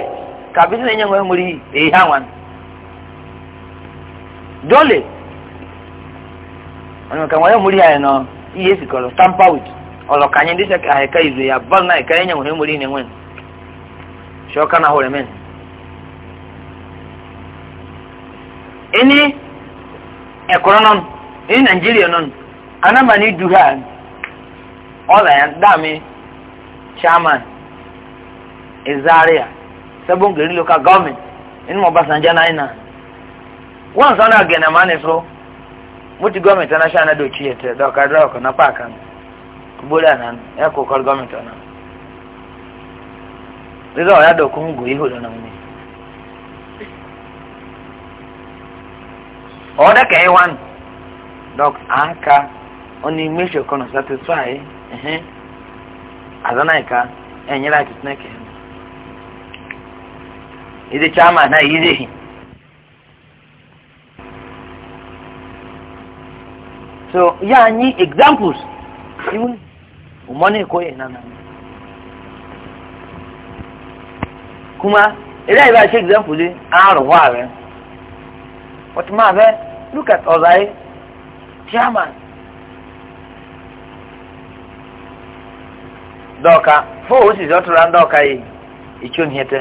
Speaker 1: ka bizi na anya nwayo mori e ha wan dole ono ka nwayo mori ayo no ihe si kolo stamp out olo kanye ndi se izu ya bal na ka enye nwere mori ihe wen shoka na men nigeria anamani duha ọla ya dami chairman Zaria Sabon local government in Obasanjo na-aga na mani so gọọmenti ọ na-achọ anadọ ochie dọka na paaka anụ ugboro ana anụ ya ka gọọmenti ọ na-anụ na aka ọ na-eme isi azanaika ఇది చామన ఇది so ya yani examples even umone ko ina nan kuma ila ba shi example a an ruwa be what ma be look at ozai chairman dọka fo osisi si zotura doka yi ichun hete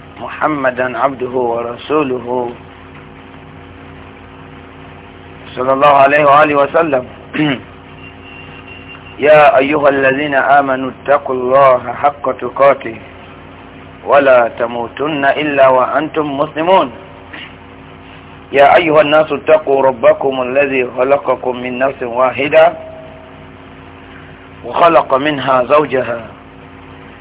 Speaker 1: محمدا عبده ورسوله صلى الله عليه وآله وسلم يا أيها الذين آمنوا اتقوا الله حق تقاته ولا تموتن إلا وأنتم مسلمون يا أيها الناس اتقوا ربكم الذي خلقكم من نفس واحدة وخلق منها زوجها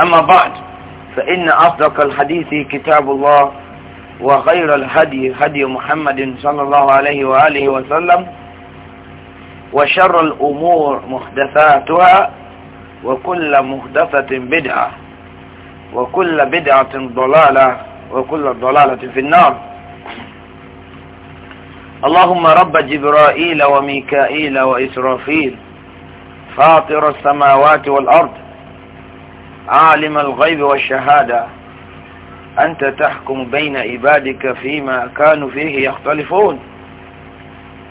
Speaker 1: أما بعد فإن أصدق الحديث كتاب الله وخير الهدي هدي محمد صلى الله عليه وآله وسلم وشر الأمور محدثاتها وكل محدثة بدعة وكل بدعة ضلالة وكل ضلالة في النار اللهم رب جبرائيل وميكائيل وإسرافيل فاطر السماوات والأرض عالم الغيب والشهادة أنت تحكم بين عبادك فيما كانوا فيه يختلفون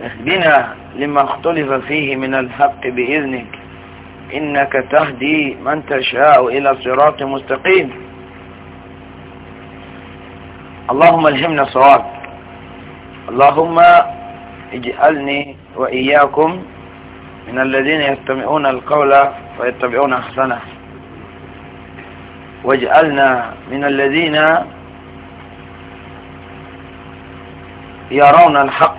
Speaker 1: اهدنا لما اختلف فيه من الحق بإذنك إنك تهدي من تشاء إلى صراط مستقيم اللهم الهمنا صواب اللهم اجعلني وإياكم من الذين يستمعون القول فيتبعون أحسنه واجعلنا من الذين يرون الحق